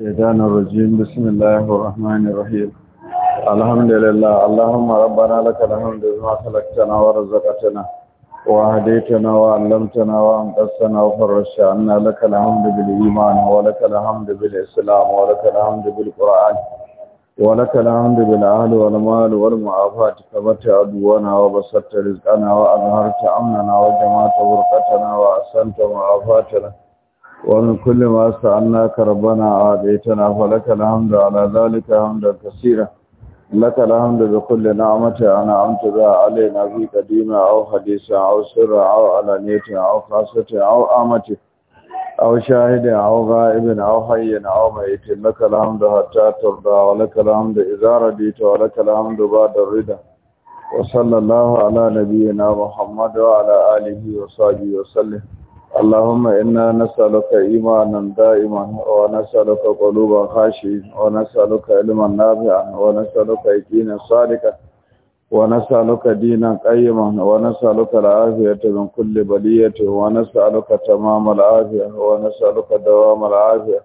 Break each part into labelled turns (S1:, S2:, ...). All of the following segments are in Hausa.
S1: الشيطان الرجيم بسم الله الرحمن الرحيم الحمد لله اللهم ربنا لك الحمد بما خلقتنا ورزقتنا وهديتنا وعلمتنا وانقذتنا وفرجت عنا لك الحمد بالايمان ولك الحمد بالاسلام ولك الحمد بالقران ولك الحمد بالأهل والمال والمعافاة كبت عدونا وبسطت رزقنا وأظهرت أمننا وجمعت برقتنا وأحسنت معافاتنا ومن كل ما استعناك ربنا عاديتنا فلك الحمد على ذلك الحمد كثيرا لك الحمد بكل نعمة أنا عمت بها علينا في قديمة أو حديثة أو سر أو علانية أو خاصة أو آمة أو شاهد أو غائب أو حي أو ميت لك الحمد حتى ترضى ولك الحمد إذا رديت ولك الحمد بعد الرضا وصلى الله على نبينا محمد وعلى آله وصحبه وسلم اللهم إنا نسألك إيمانا دائما ونسألك قلوبا خاشعا ونسألك علما نافعا ونسألك يقينا صادقا ونسألك دينا قيما ونسألك العافية من كل بلية ونسألك تمام العافية ونسألك دوام العافية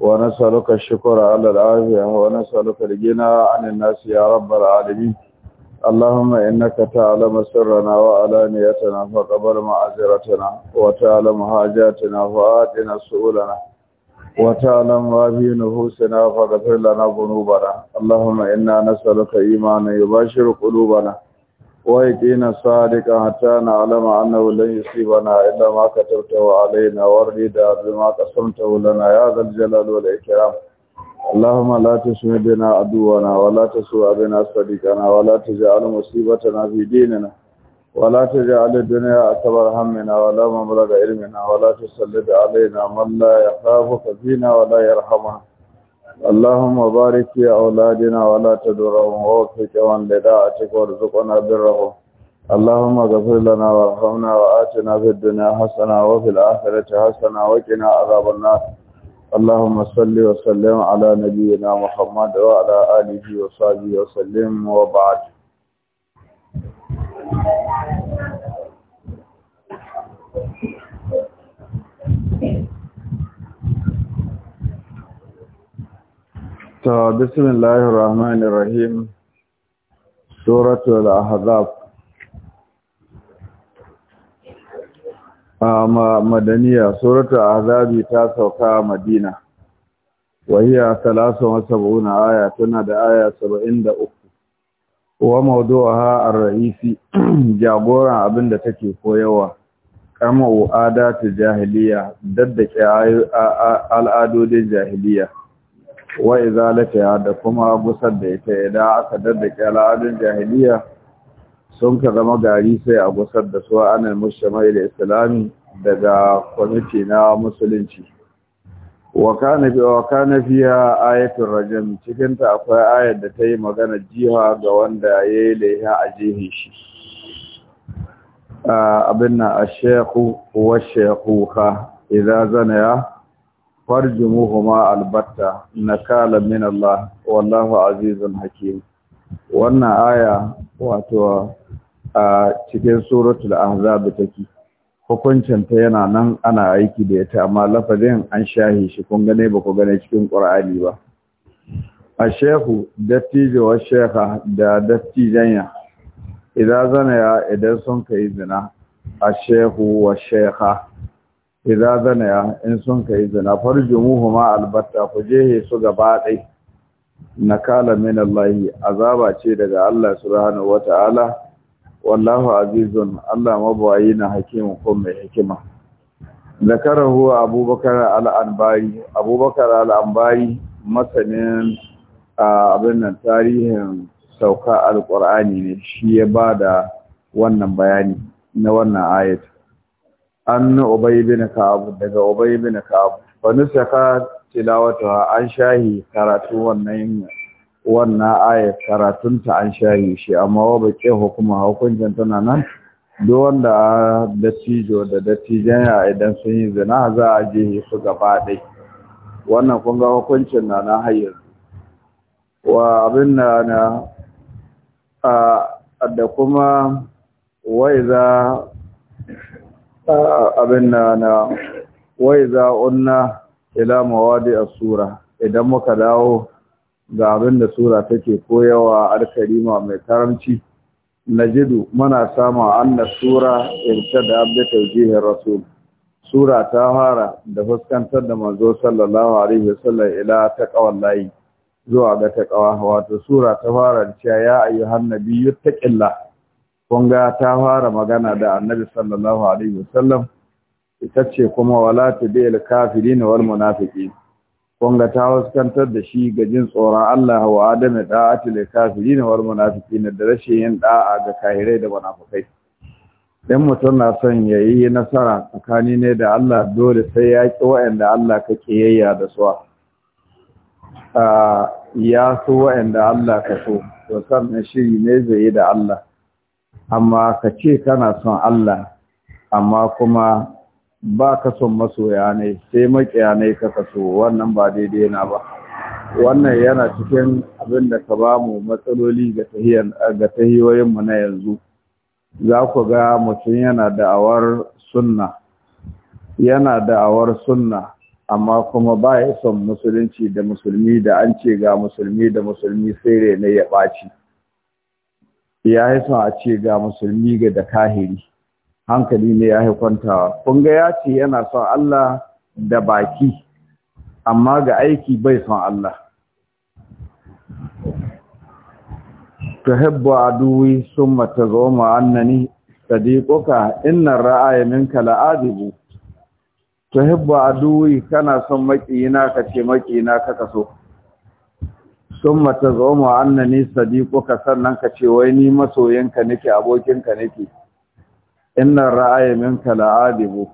S1: ونسألك الشكر على العافية ونسألك الجنى عن الناس يا رب العالمين اللهم إنك تعلم سرنا وعلانيتنا فقبل معذرتنا وتعلم حاجاتنا فآتنا سؤولنا وتعلم ما في نفوسنا فاغفر لنا ذنوبنا اللهم إنا نسألك إيمانا يباشر قلوبنا ويقينا صادقا حتى نعلم أنه لن يصيبنا إلا ما كتبته علينا وارهدا بما قسمته لنا يا ذا الجلال والإكرام اللهم لا تسمع بنا عدونا ولا تسوء بنا صديقنا ولا تجعل مصيبتنا في ديننا ولا تجعل الدنيا أكبر همنا ولا مبلغ علمنا ولا تسلط علينا من لا يخافك فينا ولا يرحمنا اللهم بارك في أولادنا ولا تدرهم ووفقهم لداعتك وارزقنا برهم اللهم اغفر لنا وارحمنا وآتنا في الدنيا حسنة وفي الآخرة حسنة وقنا عذاب النار اللهم صل وسلم على نبينا محمد وعلى آله وصحبه وسلم وبعد بسم الله الرحمن الرحيم سورة الأحزاب A madaniya suratul azabi ta sauka a madina wa hiya 73 aya tana da aya 73 wa mawdu'aha ar-ra'isi jagoran abinda take koyawa kama adatu jahiliya daddake al'adodin jahiliya wa izalatiha da kuma gusar da ita idan aka daddake al'adun jahiliya sun ka zama gari sai a gusar da su anil mushamai da islami daga kwamiti na musulunci Wa kana fiya ayatul rajam cikinta akwai ayar da ta yi magana jiha ga wanda ya yi laiha a jihi shi abin na a shekhu wa shekuka idan zana ya farjumuhuma albatta nakala min Allah wallahu azizun hakim wannan aya wato a cikin suratul ahzab take hukuncin ta yana nan ana aiki da ita amma lafazin an shahi shi kun gane ba ku gane cikin qur'ani ba a shehu dattijo wa sheha da dattijanya idan zana ya idan sun kai zina a shehu wa sheha idan zana ya in sun kai zina farjumuhuma albatta ku jehe su gaba ɗai nakala min allahi azaba ce daga Allah subhanahu wata'ala wallahu azizun Allah mabawayi na hakimin ko mai hikima zakarahu abubakar al-anbari abubakar al-anbari masanin abin nan tarihin sauka al ne shi ya ba da wannan bayani na wannan ayat an ubay bin ka'ab daga ubay bin ka'ab fa nusaka tilawatuha an shahi karatu wannan wannan ayar karatunta an shayi shi amma wa baƙe hukuma hukuncin tana nan duk wanda da tijo da dattijan ya idan sun yi zina za a je su gaba dai wannan kun ga hukuncin na na hayar wa abin na na da kuma wai za abin na na wai za unna ila mawadi a sura idan muka dawo ga abin da sura take koyawa alkarima mai karamci najidu muna samu anna sura irtada abda tawjih rasul sura ta fara da fuskantar da manzo sallallahu alaihi wasallam ila taqwallahi zuwa ga taqwa wato sura ta fara cewa ya ayyuhan nabiyyu taqillah kun ga ta fara magana da annabi sallallahu alaihi wasallam ita ce kuma wala tabi'il kafirin wal munafiqin kunga ta waskantar da shi ga jin tsoron Allah wa adana kafiri ne war munafiki ne da rashin yin da'a ga kahirai da munafikai dan mutum na son yayi nasara tsakani ne da Allah dole sai ya ki wa'anda Allah ka kiyayya da su a ya so wa'anda Allah ka so to sannan shi ne zai yi da Allah amma ka ce kana son Allah amma kuma ba ka son masoya ne sai makiya ne ka kaso wannan ba daidai na ba wannan yana cikin abin da ka ba mu matsaloli ga tahiyoyinmu na yanzu za ku ga mutum yana da'awar sunna yana da'awar sunna amma kuma ba ya son musulunci da musulmi da an ce ga musulmi da musulmi sai ne ya ɓaci ya yi son a ce ga musulmi ga da kahiri hankali ne ya kwantawa kun ya ce yana son Allah da baki amma ga aiki bai son Allah tuhibbu aduwi summa tazawma annani sadiquka inna ra'aya minka la'adibu a duwi kana son makiyina kace makiyina Sun mata summa tazawma annani sadiquka sannan ka ce wai ni masoyinka nake abokinka nake inna ra'ayi minka la'adibu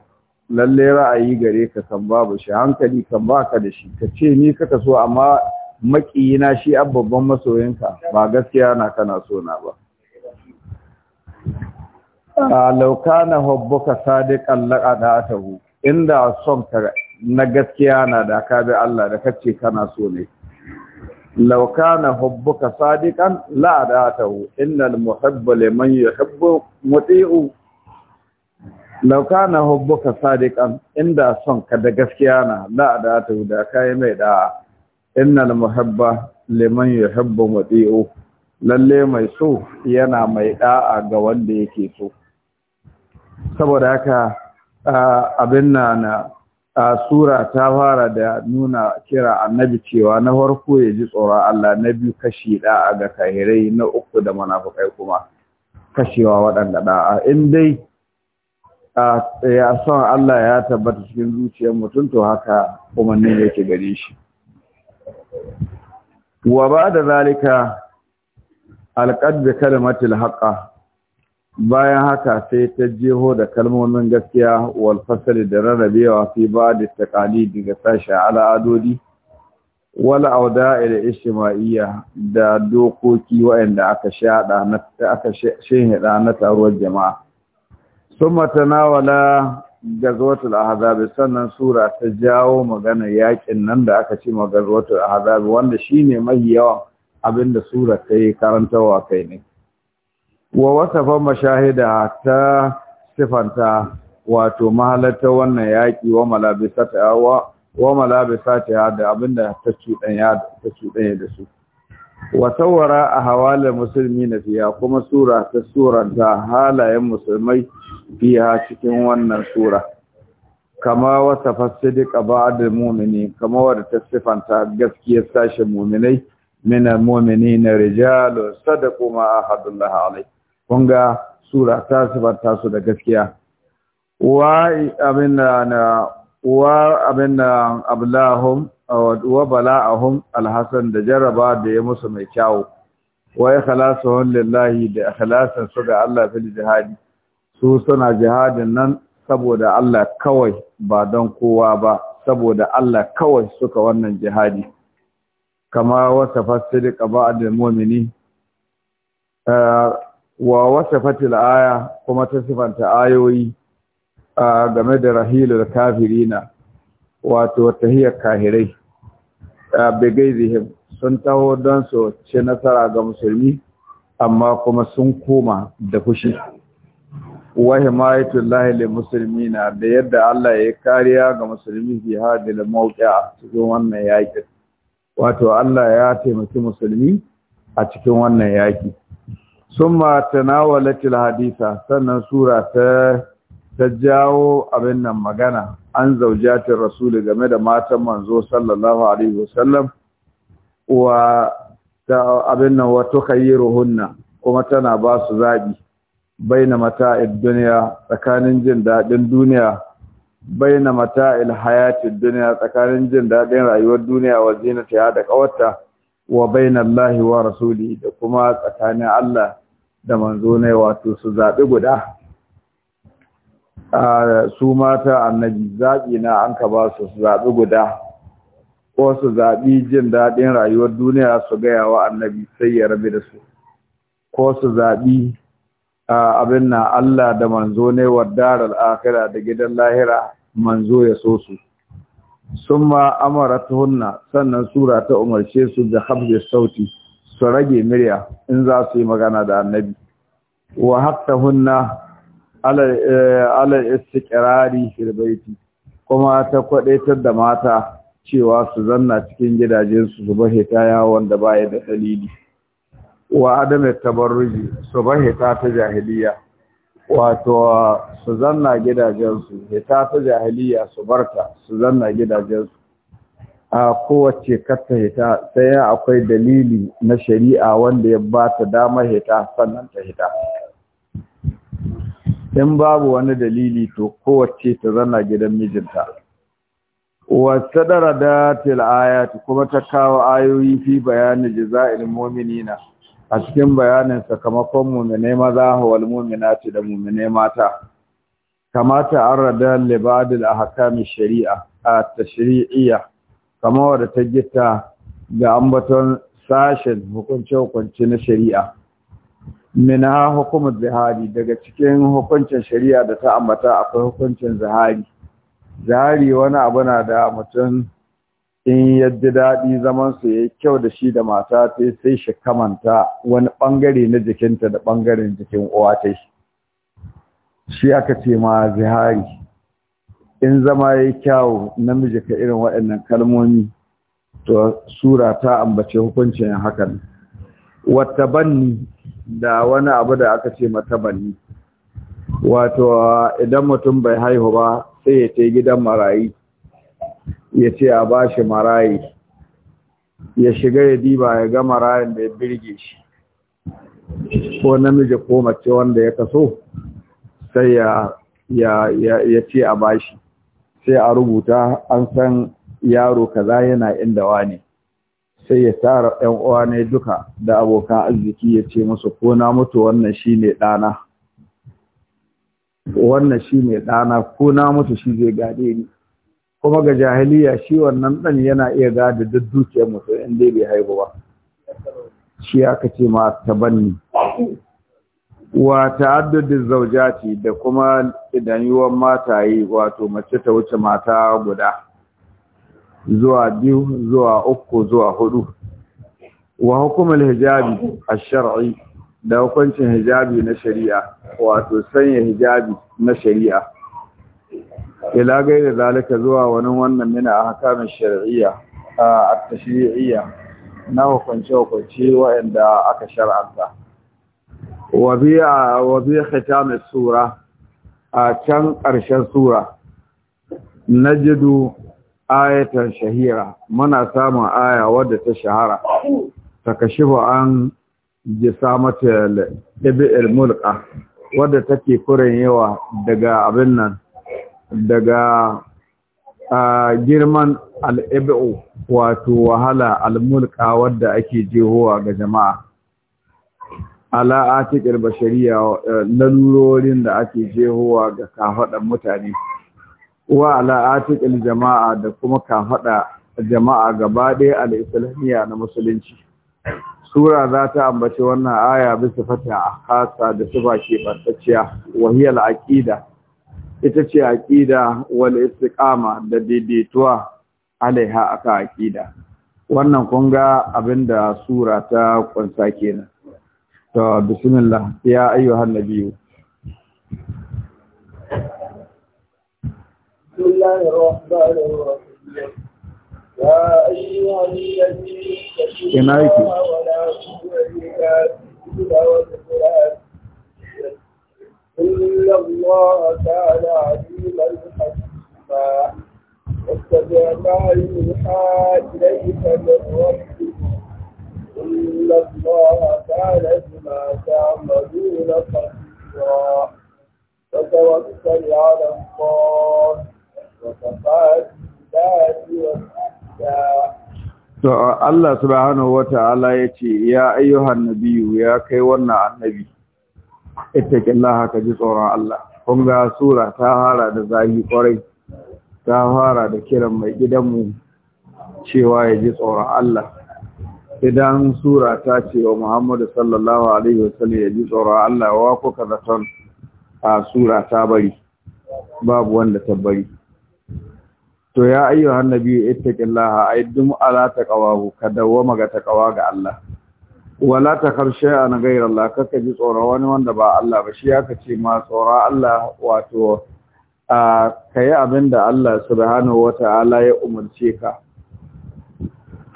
S1: lalle ra'ayi gare ka kan babu shi hankali kan baka da shi ka ce ni kaka so amma makiyina shi an babban masoyinka ba gaskiya na kana so na ba lauka na hubbuka sadiqan laqadatahu inda son ka na gaskiya na da ka bi Allah da kace kana so ne lauka na hubbuka sadiqan laqadatahu innal muhibba liman yuhibbu muti'u lauka na hubbuka sadiqan inda son ka da gaskiya na la da ta da kai mai da innal muhabba liman yuhibbu muti'u lalle mai so yana mai da'a ga wanda yake so saboda haka abin na na sura ta fara da nuna kira annabi cewa na farko ya ji tsoron Allah na biyu kashi da'a ga kahirai na uku da munafukai kuma kashewa waɗanda da'a in dai ya eh, son Allah ya tabbata cikin zuciyar mutum to haka umarnin yake gare shi wa ba da zalika alƙadda kalmatul haƙa bayan haka sai ta jeho da kalmomin gaskiya wal fasali da rarrabewa fi ba da taqali daga sashen al'adodi wal auda'i da ishimaiya da dokoki waɗanda aka shaɗa na taruwar jama'a summa tanawala gazwatul ahzab sannan sura ta jawo magana yaƙin nan da aka ce magazwatul ahzab wanda shine mai yawa abinda sura ta yi karantawa kai ne wa wasafa mashahida ta sifanta wato mahalarta wannan yaki wa malabisata wa wa malabisata da abinda ta cuɗanya ta cuɗanya da su wa sawara ahwalul muslimin fiya kuma sura ta suranta halayen musulmai biya cikin wannan sura kama wata fasidika ba'da mu'mini kama wata ta sifanta gaskiyar sashen mu'minai min na muminina rijalun sadaqu ma ahadullahi alai kunga sura ta sifanta su da gaskiya wa abin na wa abin na ablahum wa bala'ahum Alhassan, da jaraba da ya musu mai kyawu wa ikhlasuhum lillahi da ikhlasan su ga Allah fil jihadi su suna jihadin nan saboda Allah kawai ba don kowa ba saboda Allah kawai suka wannan jihadi kama wasa fasiri ƙaba da momini eh, wa wasa fatil aya kuma ta sifanta ayoyi eh, game da rahilul kafirina wato tahiyar kahirai eh, zihim sun taho don su ce nasara ga musulmi amma kuma sun koma da fushi wa himayatul lahi lil muslimina da yadda Allah ya kariya ga musulmi fi hadil a cikin wannan yaki wato Allah ya taimaki musulmi a cikin wannan yaki summa tanawalatil hadisa sannan sura ta jawo abin nan magana an zaujatin rasuli game da matan manzo sallallahu alaihi wasallam wa ta abin nan wa tukayyiruhunna kuma tana ba su zabi baina mata'id duniya tsakanin jin daɗin duniya baina mata'il hayatid duniya tsakanin jin daɗin rayuwar duniya wa zinata da kawarta wa baina Allah wa rasuli da kuma tsakanin Allah da manzo ne wato su zabi guda su mata annabi zabi na an ka ba su su zabi guda ko su zabi jin daɗin rayuwar duniya su gaya wa annabi sai ya rabe da su ko su zabi abin na Allah da manzo ne darar akira da gidan lahira manzo ya so su sun ma amara sannan sura ta umarce su da habbi sauti su rage murya in za su yi magana da annabi wa hatta hunna ala eh, istiqrari fil baiti kuma ta kwadaitar da mata cewa su zanna cikin gidajen su zuba hita yawon da baya da dalili wa adama tabarruji su ba hita ta jahiliya wato su zanna gidajensu hita ta jahiliya su barta su zanna gidajensu a kowace katta hita sai akwai dalili na shari'a wanda ya ba ta dama hita sannan ta hita in babu wani dalili to kowace ta zanna gidan mijinta wasu dara da tilayat kuma ta kawo ayoyi fi bayanin jaza'il mu'minina a cikin bayanin sakamakon mu'mine maza wal mu'minati da mu'mine mata kamata an rada libadil ahkam shari'a at tashri'iyya kama wadda ta gita ga ambaton sashen hukuncin hukunci na shari'a mina hukumar zihari daga cikin hukuncin shari'a da ta ambata akwai hukuncin zihari zihari wani abu na da mutum in yadda daɗi zaman su yayi kyau da shi da mata ta sai shi kamanta wani ɓangare na jikinta da ɓangaren jikin uwa ta shi shi aka ce ma zihari in zama ya yayi kyau namiji ka irin waɗannan kalmomi to sura ta ambace hukuncin hakan wata banni da wani abu da aka ce mata banni wato idan mutum bai haihu ba sai ya ce gidan marayi ya ce a ba shi marayi ya shiga ya diba ya ga marayin da ya birge shi ko namiji ko mace wanda ya kaso sai ya ce a ba shi sai a rubuta an san yaro kaza yana inda wani sai ya tara ‘yan uwa ne duka da abokan arziki ya ce musu ko na mutu wannan shi ne ɗana wannan shi ne ɗana ko na mutu shi zai gade ni kuma ga jahiliya shi wannan ɗan yana iya gada duk dukiyar mutum in dai bai haihu ba shi aka ce ma tabanni wa ta'addudin zaujati da kuma idan mata yi wato mace ta wuce mata guda zuwa biyu zuwa uku zuwa hudu wa hukumar hijabi a shar'i da hukuncin hijabi na shari'a wato sanya hijabi na shari'a ila da zalika zuwa wani wannan mina a hakamin shari'iyya a tashri'iyya na hukunce hukunci wa'anda aka shar'anta wa biya wa bi khitam a can ƙarshen sura najidu ayatan shahira muna samun aya wadda ta shahara ta ba an samata ibil mulka wadda take kuren yawa daga abin nan daga girman al'ibu wato wahala al’ulka wadda ake jehowa ga jama'a ala bashariya eh, lallorin da ake jehowa ga kafaɗan mutane wa ala jama'a da kuma kafaɗa jama'a gaba ɗaya al'islamiyya na musulunci sura za ta ambaci wannan aya bisa fata a hasa da ba ke ɓantacciya wahiyar aƙida ita ce aƙida wal istiqama da daidaituwa alaiha aka aƙida wannan kun ga abin da sura ta kunsa kenan to bismillah ya ayyuhan nabiyyu
S2: بسم الله الرحمن الرحيم ya ayyuhan الذين تشركوا ولا إن الله تعالى عليما حكيما واتبع ما يوحى إليك من ربك إن الله تعالى بما تعملون خبيرا وتوكل على الله وكفى بالله وكفى
S1: To Allah subhanahu wa ta'ala ya ce, “Ya ayyuhan nabiyu ya kai wannan annabi, ittaqillaha ka ji tsoron Allah kun ga sura ta fara da zahi kwarai ta fara da kiran mai gidanmu cewa ya ji tsoron Allah idan sura ta ce wa Muhammadu sallallahu alaihi wasallam ya ji tsoron Allah wa kuka zaton a sura ta bari babu wanda ta bari to ya ayyuhan nabiyyu ittaqillaha dum ala taqawahu ka dawwama ga taqawa ga Allah wala ta karshe a na gairar Allah kaka ji tsoron wani wanda ba Allah ba shi ya ce ma tsoron Allah wato a ka yi abin da Allah subhanahu wa ta'ala ya umarce ka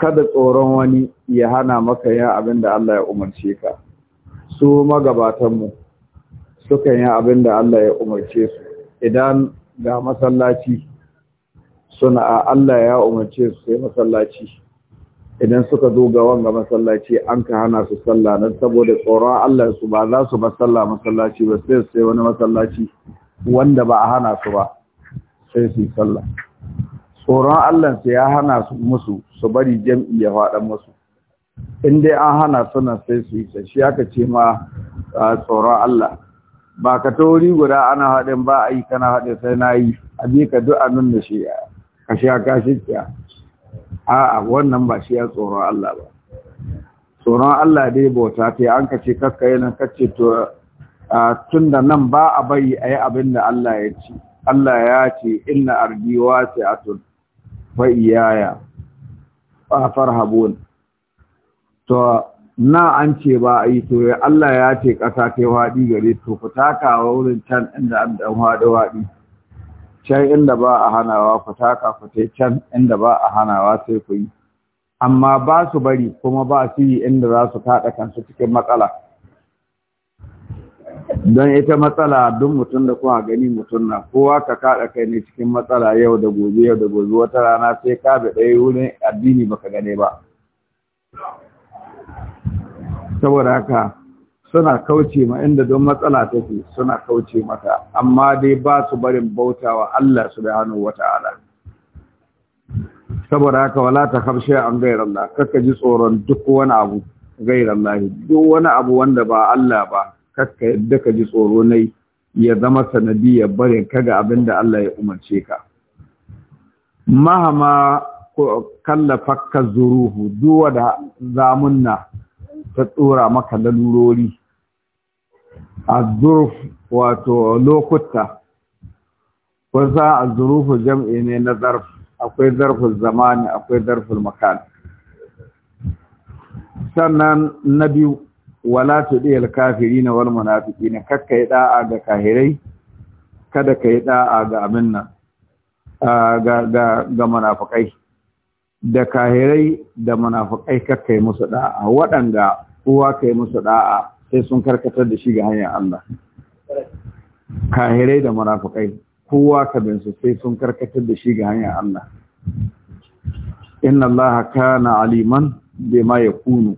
S1: kada tsoron wani ya hana maka yin abin da Allah ya umarce ka su magabatanmu sukan yi abin da Allah ya umarce su idan ga masallaci suna Allah ya umarce su sai masallaci idan suka zo ga wanga masallaci an ka hana su sallah nan saboda tsoron Allah su ba za su ba sallah masallaci ba sai sai wani masallaci wanda ba a hana su ba sai su sallah tsoron Allah sai ya hana su musu su bari jam'i ya faɗa musu in dai an hana suna sai su yi shi aka ce ma tsoron Allah ba ka ta wuri guda ana haɗin ba a yi kana haɗin sai na yi a bi ka duk a nuna shi ka sha kashi kiya a'a wannan ba shi ya tsoron Allah ba tsoron Allah dai bauta ta an kace ce yana kace to tun da nan ba a bari a yi abin da Allah ya ce Allah ya ce inna ardi wasi'atun fa iyaya fa farhabun to na an ce ba a yi to Allah ya ce ƙasa ta waɗi gare to fita ka wurin can inda an dan waɗi waɗi can inda ba a hanawa ku taka ku tai can inda ba a hanawa sai ku yi amma ba su bari kuma ba su yi inda za su kaɗa kansu cikin matsala don ita matsala duk mutum da kuma gani mutum na kowa ka kaɗa kai ne cikin matsala yau da gobe yau da gobe wata rana sai ka bi ɗaya wurin addini baka gane ba saboda haka suna kauce ma inda don matsala take suna kauce mata amma dai ba su barin bautawa Allah subhanahu wata'ala saboda haka wala ta kafshe an gairar Allah kakka ji tsoron duk wani abu gairar Allah duk wani abu wanda ba Allah ba kakka yadda ka ji tsoro nai ya zama sanadi ya bare ka ga abin da Allah ya umarce ka mahama kalla fakka zuruhu duwa da zamunna ta tsora maka lalurori azurf wato lokuta kusa azurufu jam'i ne na zarf akwai zarfin zamani akwai zarfin makan sannan na biyu wala tudiyal kafirina wal munafiqina kakka yi da'a ga kahirai kada ka yi da'a ga abin nan ga ga ga da kahirai da munafikai kakka yi musu da'a waɗanda uwa kai musu da'a sai sun karkatar da shi ga hanyar Allah kahirai da munafukai kowa ka su sai sun karkatar da shi ga hanyar Allah inna Allah haka na aliman ya kunu.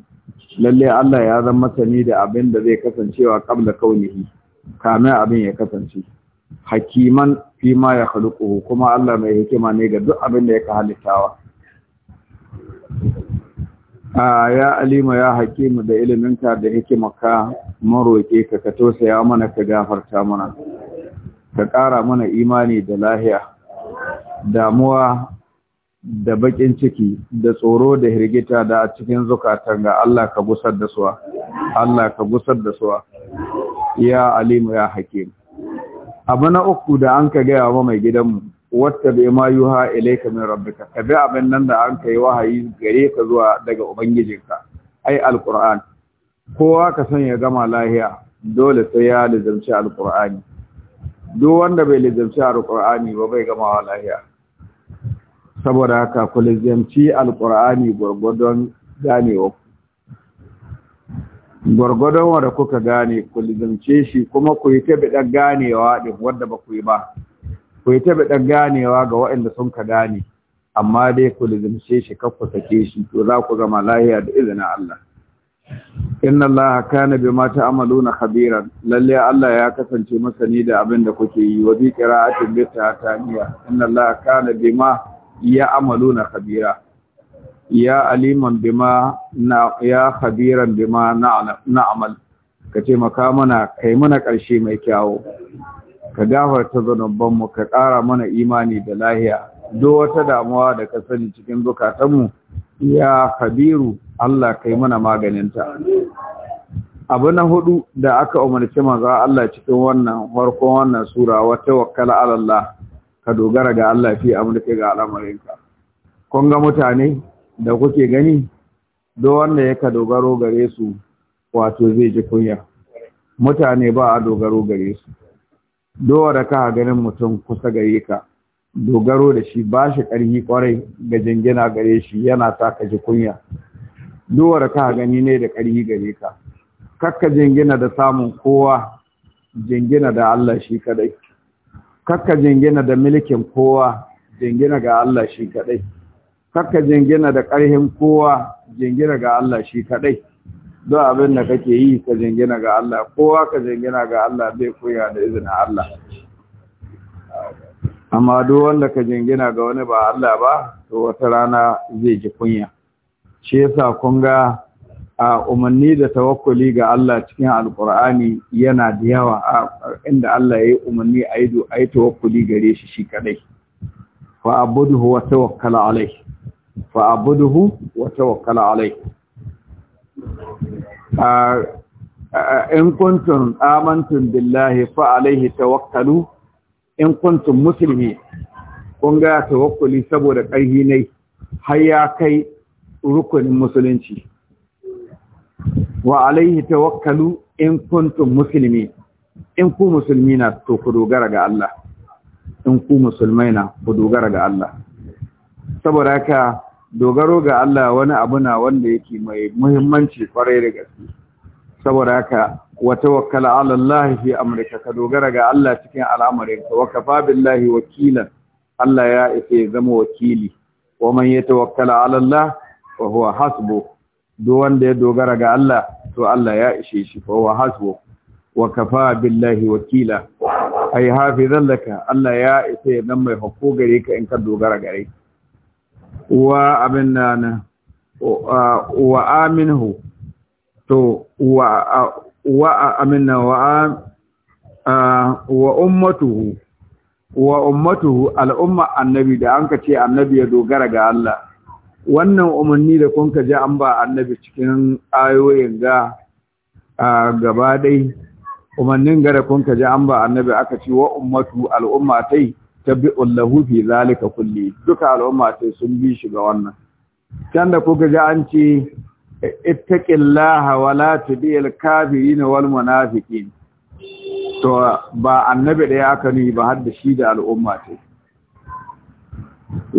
S1: lalle Allah ya zama sani da abin da zai kasancewa kabla kaunihi kamin abin ya kasance hakiman fi ma ya khaluquhu kuma Allah mai hikima ne ga duk abin da yake halittawa ya alima ya hakimu da iliminka da maka maroƙe ka ka tosaya mana ka gafarta mana ka ƙara mana imani da lahiya damuwa da bakin ciki da tsoro da hirgita da a cikin zukatan ga Allah ka gusar da suwa Allah ka gusar da suwa ya alimu ya hakimu abu na uku da an ka gaya wa mai gidanmu wata bai ma yuha ilaika min rabbika ka bi abin nan da an kai wahayi gare ka zuwa daga ubangijinka ai alquran kowa ka san ya gama lahiya dole sai ya lizamci alqurani duk wanda bai lizamci alqurani ba bai gama lahiya saboda haka ku lizamci alqurani gane wa gwargwadon wanda kuka gane ku lizamce shi kuma ku yi ta biɗar ganewa ɗin wadda ba ku yi ba ku yi taɓa ɗan ganewa ga waɗanda sun ka gane amma dai ku lizimce shi kar ku sake shi to za ku zama lahiya da izinin Allah inna Allah kana bima ta'maluna Khabira, lalle Allah ya kasance masani da abin da kuke yi wa bi qira'atin bi inna Allah kana bima ya'maluna khabira ya aliman bima na ya khabiran bima na'mal kace maka mana kai mana karshe mai kyawo ka gafarta mu ka ƙara mana imani da lahiya duk wata damuwa da ka sani cikin zukatanmu ya kabiru Allah kai mana maganinta abu na hudu da aka umarci manzo Allah cikin wannan farkon wannan sura wata tawakkala ala ka dogara ga Allah fi amurka ga al'amarinka kun ga mutane da kuke gani duk wanda ya ka dogaro gare su wato zai ji kunya mutane ba a dogaro gare su dowa da ka ganin mutum kusa gare ka dogaro da shi ba shi ƙarfi ƙwarai ga jingina gare shi yana sa ka ji kunya dowa da ka gani ne da ƙarfi gare ka kakka jingina da samun kowa jingina da Allah shi kadai kakka jingina da milikin kowa jingina ga Allah shi kadai kakka jingina da ƙarhin kowa jingina ga Allah shi kadai don abin da kake yi ka jingina ga Allah kowa ka jingina ga Allah zai koya da izinin Allah amma duk wanda ka jingina ga wani ba Allah ba to wata rana zai ji kunya shi yasa kun ga a umarni da tawakkuli ga Allah cikin alkur'ani yana da yawa inda Allah ya yi umarni a yi tawakkuli gare shi shi kadai fa abuduhu wa tawakkala alai fa abuduhu wa tawakkala alai in kuntum amantum billahi fa alaihi tawakkalu in kuntum muslimi kun ga tawakkuli saboda ƙarfi ne har ya kai rukunin musulunci wa alaihi tawakkalu in kuntum muslimi in ku musulmi na to ku dogara ga Allah in ku musulmai na ku dogara ga Allah saboda haka dogaro ga Allah wani abu na wanda yake mai muhimmanci kwarai da gaske saboda haka wa tawakkala ala Allah fi amrika ka dogara ga Allah cikin al'amarin, ka wa kafa billahi wakila, Allah ya isa ya zama wakili wa man yatawakkala ala Allah wa huwa hasbu duk wanda ya dogara ga Allah to Allah ya ishe shi fa huwa hasbu wa kafa billahi wakila ai hafizan laka Allah ya isa ya zama mai hukku gare ka in ka dogara gare ka wa abin nan wa aminu, to wa wa wa wa ummatuhu wa ummatuhu al'umma annabi da an ka ce annabi ya dogara ga Allah wannan umarni da kun ka ji an ba annabi cikin ayoyin ga gaba dai umarnin gara da kun ka ji an ba annabi aka ce wa ummatu al'umma tai tabi'un lahu fi zalika kulli duka al'umma ta sun bi shi ga wannan can da kuka ji an ce ittaqillaha wala la tudil kafirin wal munafiqin to ba annabi da ya kani ba har da shi da al'umma ta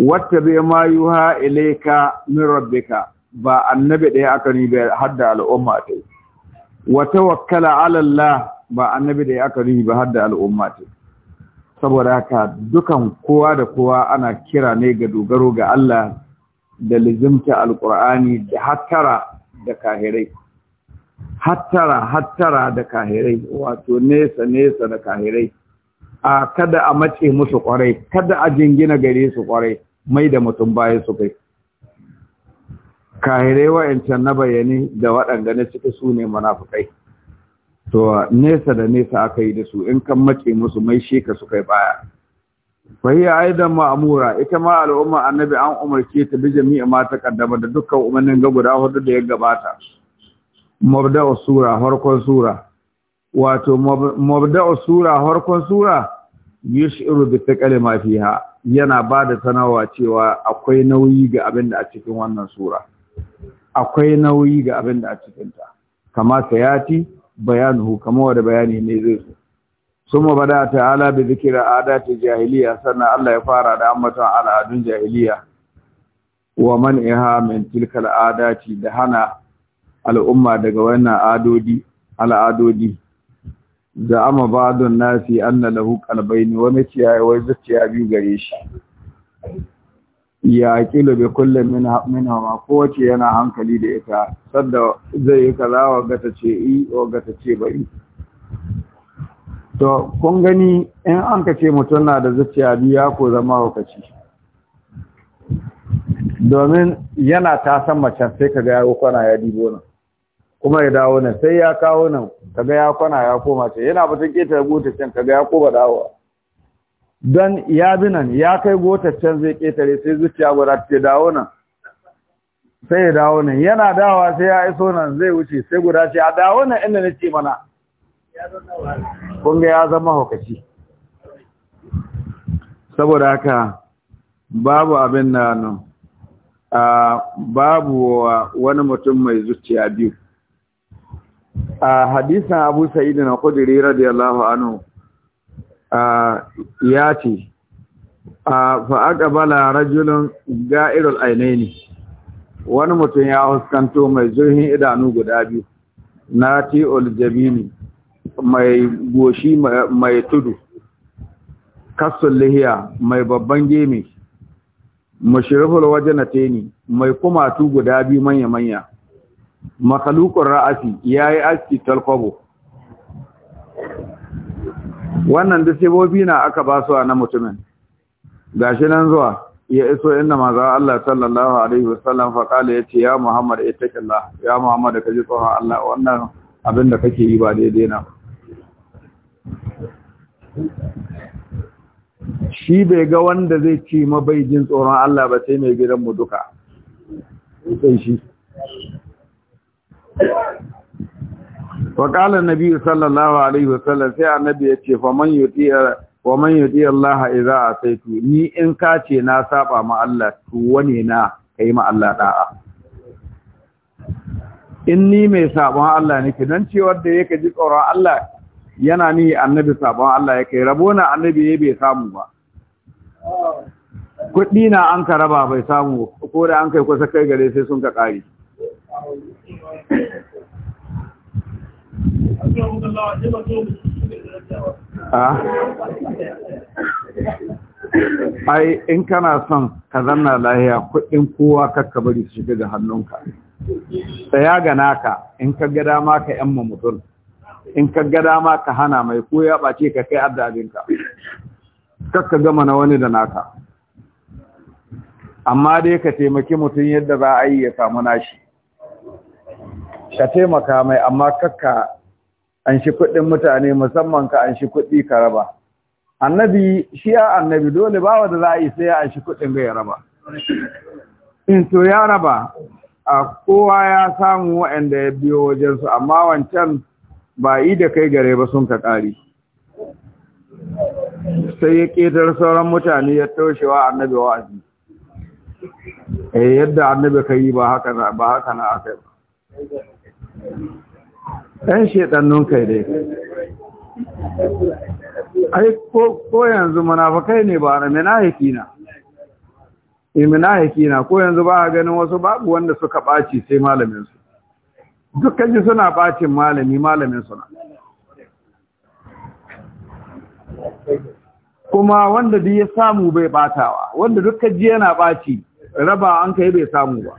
S1: wata bi ma yuha ilayka min rabbika ba annabi da ya kani ba har da al'umma ta wa tawakkala ala Allah ba annabi da ya kani ba har da al'umma ta saboda haka dukan kowa da kowa ana kira ne ga dogaro ga Allah da lizimta alkur'ani da hattara da kahirai hattara hattara da kahirai wato nesa nesa da kahirai a kada a mace musu kwarai kada a jingina gare su kwarai mai da mutum baya su kai kahirai wa'ancan na bayani da waɗanda na ciki su ne munafukai to nesa da nesa aka yi da su in kan mace musu mai sheka su kai baya fahiya aidan ma'amura ita ma al'umma annabi an umarce ta bi jami'a ma ta kaddama da dukkan umarnin ga guda hudu da ya gabata mabda'u sura harkon sura wato mabda'u sura harkon sura yushiru bi taqali fiha yana bada sanawa cewa akwai nauyi ga abin da a cikin wannan sura akwai nauyi ga abin da a cikin ta kama sayati bayanuhu kamar wanda bayani ne zai zo summa bada ta'ala bi zikri adati jahiliya sannan Allah ya fara da ambaton al'adun jahiliya wa man'iha min tilka al'adati da hana al'umma daga wannan adodi al'adodi da ama ba'dun nasi anna lahu qalbayn wa mace yayi wai zuciya biyu gare shi ya kilo bi kullum min ma kowace yana hankali da ita sadda zai yi kaza wa gata ce i wa gata ce bai to kun gani in an ka ce mutum na da zuciya biya ko zama hukaci domin yana ta san macen sai ka ga ya kwana ya dibo nan kuma ya dawo nan sai ya kawo nan ka ga ya kwana ya koma ce yana batun keta ya buta can ka ga ya koma dawowa don ya bi nan ya kai gotaccen zai ƙetare sai zuciya guda ce dawo nan sai dawo nan yana dawa sai ya iso nan zai wuce sai guda ce a dawo nan inda na ce mana kunga ya zama hukaci saboda haka babu abin da nan babu wani mutum mai zuciya biyu a hadisan abu sa'idu na kudiri radiyallahu anhu ya ce fa'aƙabala rajulun ga'irul ainihi wani mutum ya huskanto mai zurhin idanu guda biyu na ti'ul jamini mai goshi mai tudu kassun lihiya mai babban gemi mashirifar waje na teni mai kumatu guda biyu manya-manya makalukun ra'asi ya yi aski talkobo wannan da sibobi na aka ba su na mutumin gashi nan zuwa ya iso inda maza Allah sallallahu alaihi wasallam fa ya yace ya Muhammad Allah ya Muhammad ka ji tsohon Allah wannan abin da kake yi ba daidai na shi bai ga wanda zai ce bai jin tsoron Allah ba sai mai gidan mu duka sai shi wa النبي صلى sallallahu alaihi وسلم sai annabi يتي ce fa ومن يطيع الله اذا اتيت ني ان كاتي ni in ka ce na saba ma Allah ما الله na kai ma Allah in ni mai sabon Allah nake dan cewar da yake ji tsoron Allah yana ni annabi sabon Allah yake rabona annabi ya bai samu ba kuɗi na an ka raba bai samu ko da an kai kusa kai gare sai sun ka ƙari Ah. ai in kana son ka zanna lahiya kuɗin kowa kakka bari su shiga da hannunka tsaya ga naka in ka ga dama ka ma mutum in ka ga dama ka hana mai ko ya ɓace ka kai abdabinka kakka gama na wani da naka amma dai ka taimaki mutum yadda za a yi ya samu nashi ka taimaka mai amma kakka an shi kuɗin mutane musamman ka an shi kuɗi ka raba annabi shi ya annabi dole ba wanda za a yi sai ya an shi kuɗin ga ya raba in to ya raba a kowa ya samu waɗanda ya biyo wajensu amma wancan ba yi da kai gare ba sun ka ƙari sai ya ƙetar sauran mutane ya taushewa annabi wa'azi eh yadda annabi ka yi ba haka na aka yi ba ɗan shaɗannun kai dai ai ko yanzu munafakai ne ba na minahiki na eh, minahiki na ko yanzu ba a ganin wasu babu wanda suka ɓaci sai malaminsu dukkan ji suna ɓacin malami malaminsu na kuma wanda duk ya samu bai ɓatawa wanda dukkan ji yana ɓaci raba an kai bai samu ba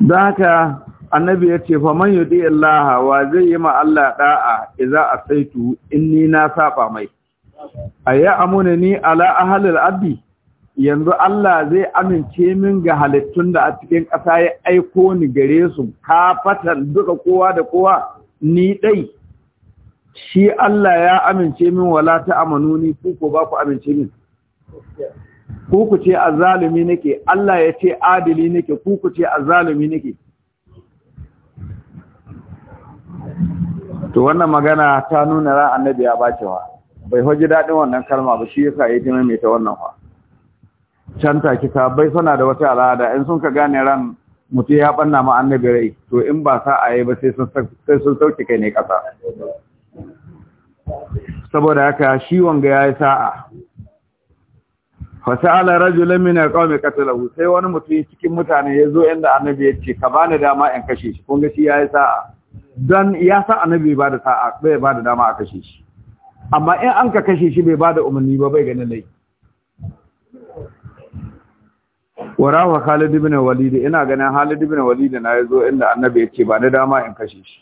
S1: don haka annabi ya ce faman yudi Allah wa zai yi ma Allah da'a idza asaitu inni na saba mai ayya amuna ni ala al abdi yanzu Allah zai amince min ga halittun da a cikin ƙasa ya aiko ni gare su kafatan duka kowa da kowa ni dai shi Allah ya amince min wala ta amanuni ku ko ba ku amince min ku ku ce azzalumi nake Allah ya ce adili nake ku ku ce nake to wannan magana ta nuna ran annabi ya bacewa bai hoji dadin wannan kalma ba shi yasa yake mai mai ta wannan fa can ta ta bai suna da wata al'ada in sun ka gane ran mutum ya banna ma annabi rai to in ba sa a yi ba sai sun sauke kai ne kasa saboda haka shi wanga ya sa'a fasa'ala rajulun min alqawmi qatalahu sai wani mutum cikin mutane ya zo inda annabi ya ce ka bani dama in kashe shi kun ga shi yayi sa'a dan ya sa annabi ba da sa'a bai ba da dama a kashe shi amma in an ka kashe shi bai ba da umarni ba bai ganin laifi warawa Khalid ibn Walid ina ganin Khalid ibn Walid na yazo inda annabi yake ba da dama in kashe shi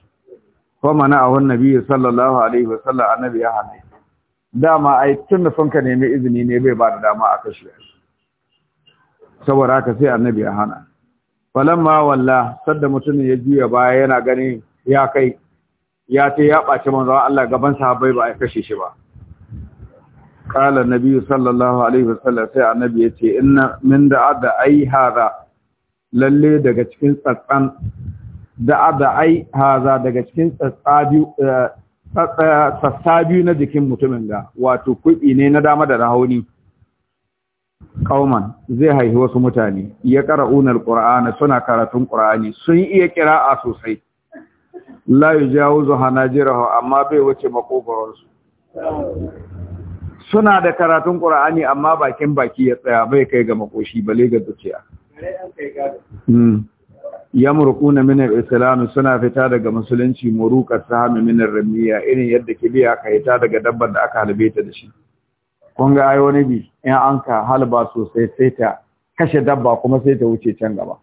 S1: kuma mana a wannan nabi sallallahu alaihi wasallam annabi ya hana dama ai tun da sun ka nemi izini ne bai ba da dama a kashe saboda haka sai annabi ya hana falamma walla sadda mutumin ya juya baya yana gani ya kai ya ce ya ɓace manzo Allah gaban sahabbai ba a kashe shi ba qala nabiyyu sallallahu alaihi wasallam sai annabi ya ce inna min da da'ada ai hada lalle daga cikin tsatsan da'ada ai haza daga cikin tsatsa biyu eh, sassa biyu na jikin mutumin ga wato kuɓi ne na dama da rahoni kauman zai haihi wasu mutane ya unar ƙura'ana suna karatun ƙura'ani sun iya a sosai na yujawizu hanajirahu amma bai wuce makogoransu suna da karatun ƙura'ani amma bakin baki ya tsaya bai kai ga makoshi bale ga dukiya. Hmm. yamruquna min al-islam suna fita daga musulunci muruqat sahmi min ar-ramiya irin yadda kibiya ka hita daga dabbar da aka halbe ta da shi kun ga ayo ne bi in an ka halba sosai sai ta kashe dabba kuma sai ta wuce can gaba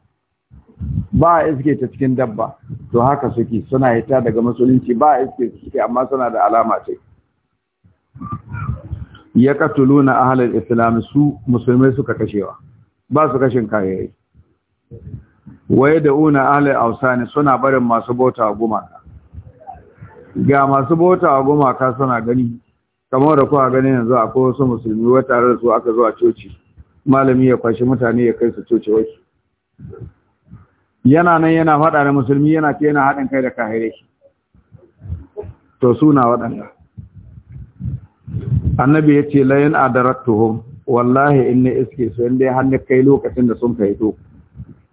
S1: ba a iske ta cikin dabba to haka suke suna hita daga musulunci ba a iske suke amma suna da alama ce ya katuluna ahlul islam su musulmai suka kashewa ba su kashin kayayyaki waye da una ahlul ausani suna barin masu bota a gumaka ga masu bota a gumaka suna gani kamar da kuwa gani yanzu kowa su musulmi wata tare da su aka zuwa coci malami ya kwashi mutane ya kai su coci wasu yana nan yana faɗa da musulmi yana ce yana haɗin kai da kahire to suna waɗanda annabi ya ce layin adarattuhum wallahi in ne iske su inda ya hannu kai lokacin da sun fahito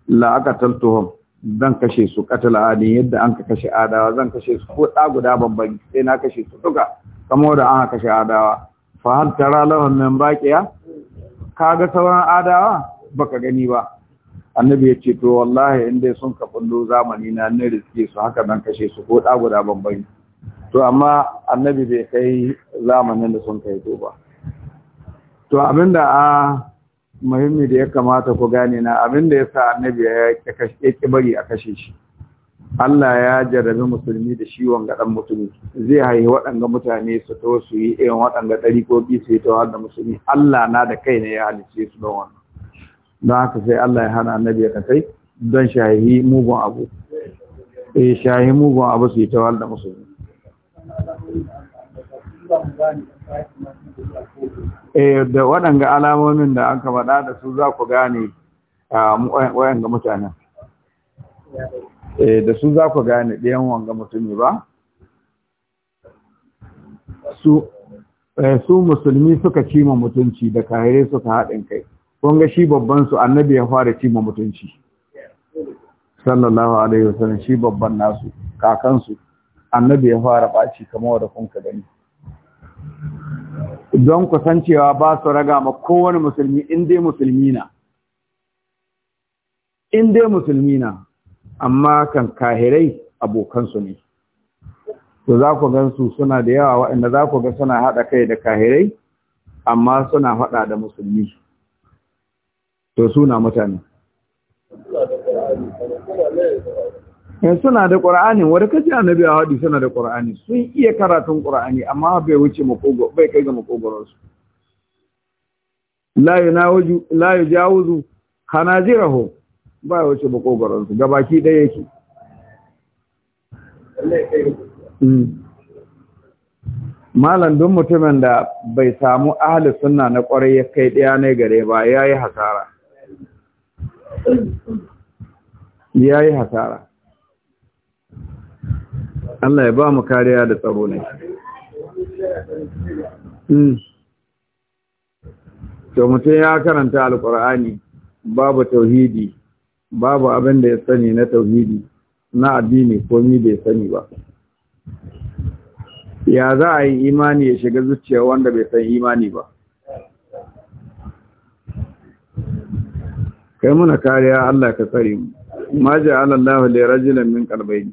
S1: taltuhum zan kashe su qatala adin yadda an ka kashe adawa zan kashe su ko da guda babban sai na kashe su duka kamar da an kashe adawa fa har tara lahum min baqiya kaga sauran adawa baka gani ba annabi ya ce to wallahi in dai sun ka bullo zamani na ne riske su haka zan kashe su ko da guda babban to amma annabi bai kai zamanin da sun kai to ba to abinda a ah, muhimmi da ya kamata ku gane na abin da ya sa annabi ya ƙi bari a kashe shi Allah ya jarrabi musulmi da shi wanga ɗan mutumi zai haihi waɗanga mutane su to su yi irin waɗanga ɗari ko ɗariƙoƙi su yi ta da musulmi Allah na da kai ne ya halice su don wannan don haka sai Allah ya hana annabi ya kasai don shahi mugun abu eh mugun abu su yi tawar da musulmi eh da waɗanga alamomin da an faɗa da su za ku gane ga mutanen eh da su za ku gane ɗayan wanga mutumi ba su eh, musulmi suka cima mutunci da kahire suka haɗin kai kun ga shi babban su annabi ya fara cima mutunci sallallahu alaihi wasallam shi babban nasu kakansu annabi ya fara ɓaci kamar wadda kun ka gani don kusancewa ba su raga ma kowane musulmi in dai musulmi na in dai musulmi na amma kan kahirai abokansu ne to za ku gansu suna da yawa waɗanda za ku ga suna haɗa kai da kahirai amma suna haɗa da musulmi to suna mutane Eh, suna da ƙura'ani wadda kace annabi a haɗi suna da ƙura'ani sun iya karatun ƙura'ani amma bai wuce bai kai ga makogoron layu la yunawju la yujawuzu ba ya wuce makogoron su gabaki ɗaya yake hmm. malam don mutumin da bai samu ahli suna na kwarai ya kai ɗaya na gare ba ya yi hasara ya yi hasara Allah ya ba mu kariya da tsaro ne hmm. to mutum ya karanta alkur'ani babu tauhidi babu abin da ya sani na tauhidi na addini ko ni bai sani ba ya za a yi imani ya shiga zuciya wanda bai san imani ba kai muna kariya Allah ka tsare mu ma ja'ala Allahu li rajulan min kalbaini.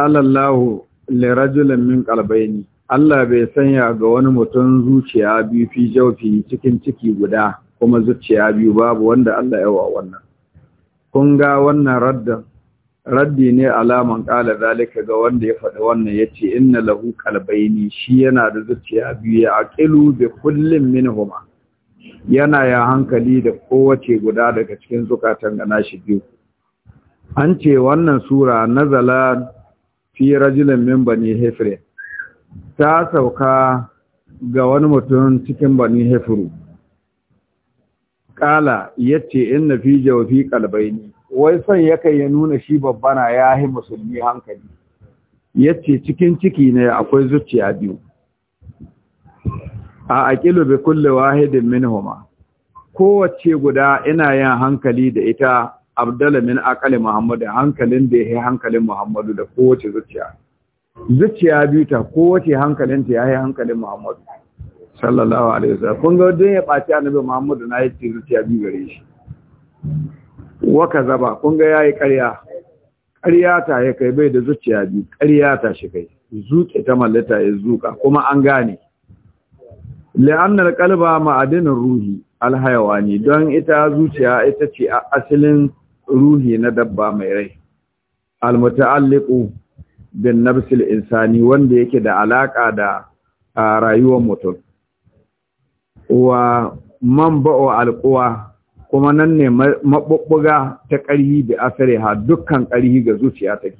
S1: ja'alallahu rajulin min qalbayni Allah bai sanya ga wani mutum zuciya biyu fi jawfi cikin ciki guda kuma zuciya biyu babu wanda Allah ya wa wannan kun ga wannan radda raddi ne alaman kala zalika ga wanda ya faɗi wannan yace inna lahu qalbayni shi yana da zuciya biyu ya aqilu bi kullin minhuma yana ya hankali da kowace guda daga cikin zukatan gana shi biyu an ce wannan sura nazala fi rajulin min bani hefre ta sauka ga wani mutum cikin bani hifru kala yace inna fi jawfi kalbaini wai san yakan ya nuna shi babbana yahi musulmi hankali yace cikin ciki ne akwai zuciya biyu a aqilu bi kulli wahidin minhuma kowace guda ina yin hankali da ita abdala min aqali muhammadu hankalin da yi hankalin muhammadu da kowace zuciya zuciya biyu ta kowace hankalin ta yayi hankalin muhammadu sallallahu alaihi wasallam kun ga dan ya baci annabi muhammadu na yi zuciya biyu gare shi wa kazaba kun ga yayi ƙarya ƙarya ta ya kai bai da zuciya biyu ƙarya ta shi kai zuke ta mallata ya zuka kuma an gane la'annar kalba ma'adinin ruhi alhayawani don ita zuciya ita ce asalin ruhi na dabba mai rai almuta'alliqu bin nafsil insani wanda yake da alaka da rayuwar mutum wa man ba'o alquwa kuma nan ne mabubbuga ta ƙarhi bi asare ha dukkan ƙarhi ga zuciya take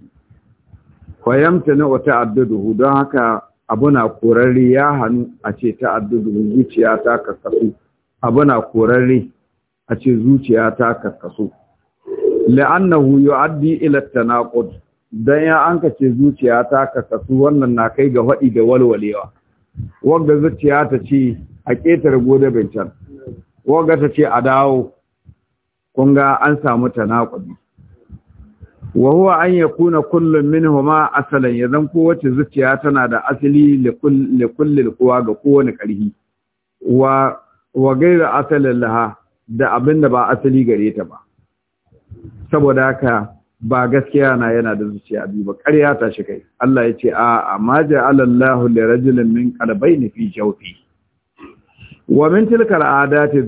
S1: fayamta na wata adduduhu don haka abu na ya hannu a ce ta adduduhu zuciya ta kakkasu abu na a ce zuciya ta kakkasu la'annahu yu'addi ila tanaqud dan ya anka ce zuciya ta kasu wannan na kai ga haɗi da walwalewa wanda zuciya ta ce a ketar gode bincan wanda ta ce a dawo kun ga an samu tanaqud wa huwa an yakuna kullun minhuma asalan yadan kowace zuciya tana da asali li kulli kuwa ga kowane karhi wa wa gaira asalin laha da abinda ba asali gare ta ba saboda haka ba gaskiya na yana da zuciya biyu ba ƙarya ta shi kai Allah ya ce a amma ja alallahu li rajulin min qalbayni fi jawfi wa min tilka al'adati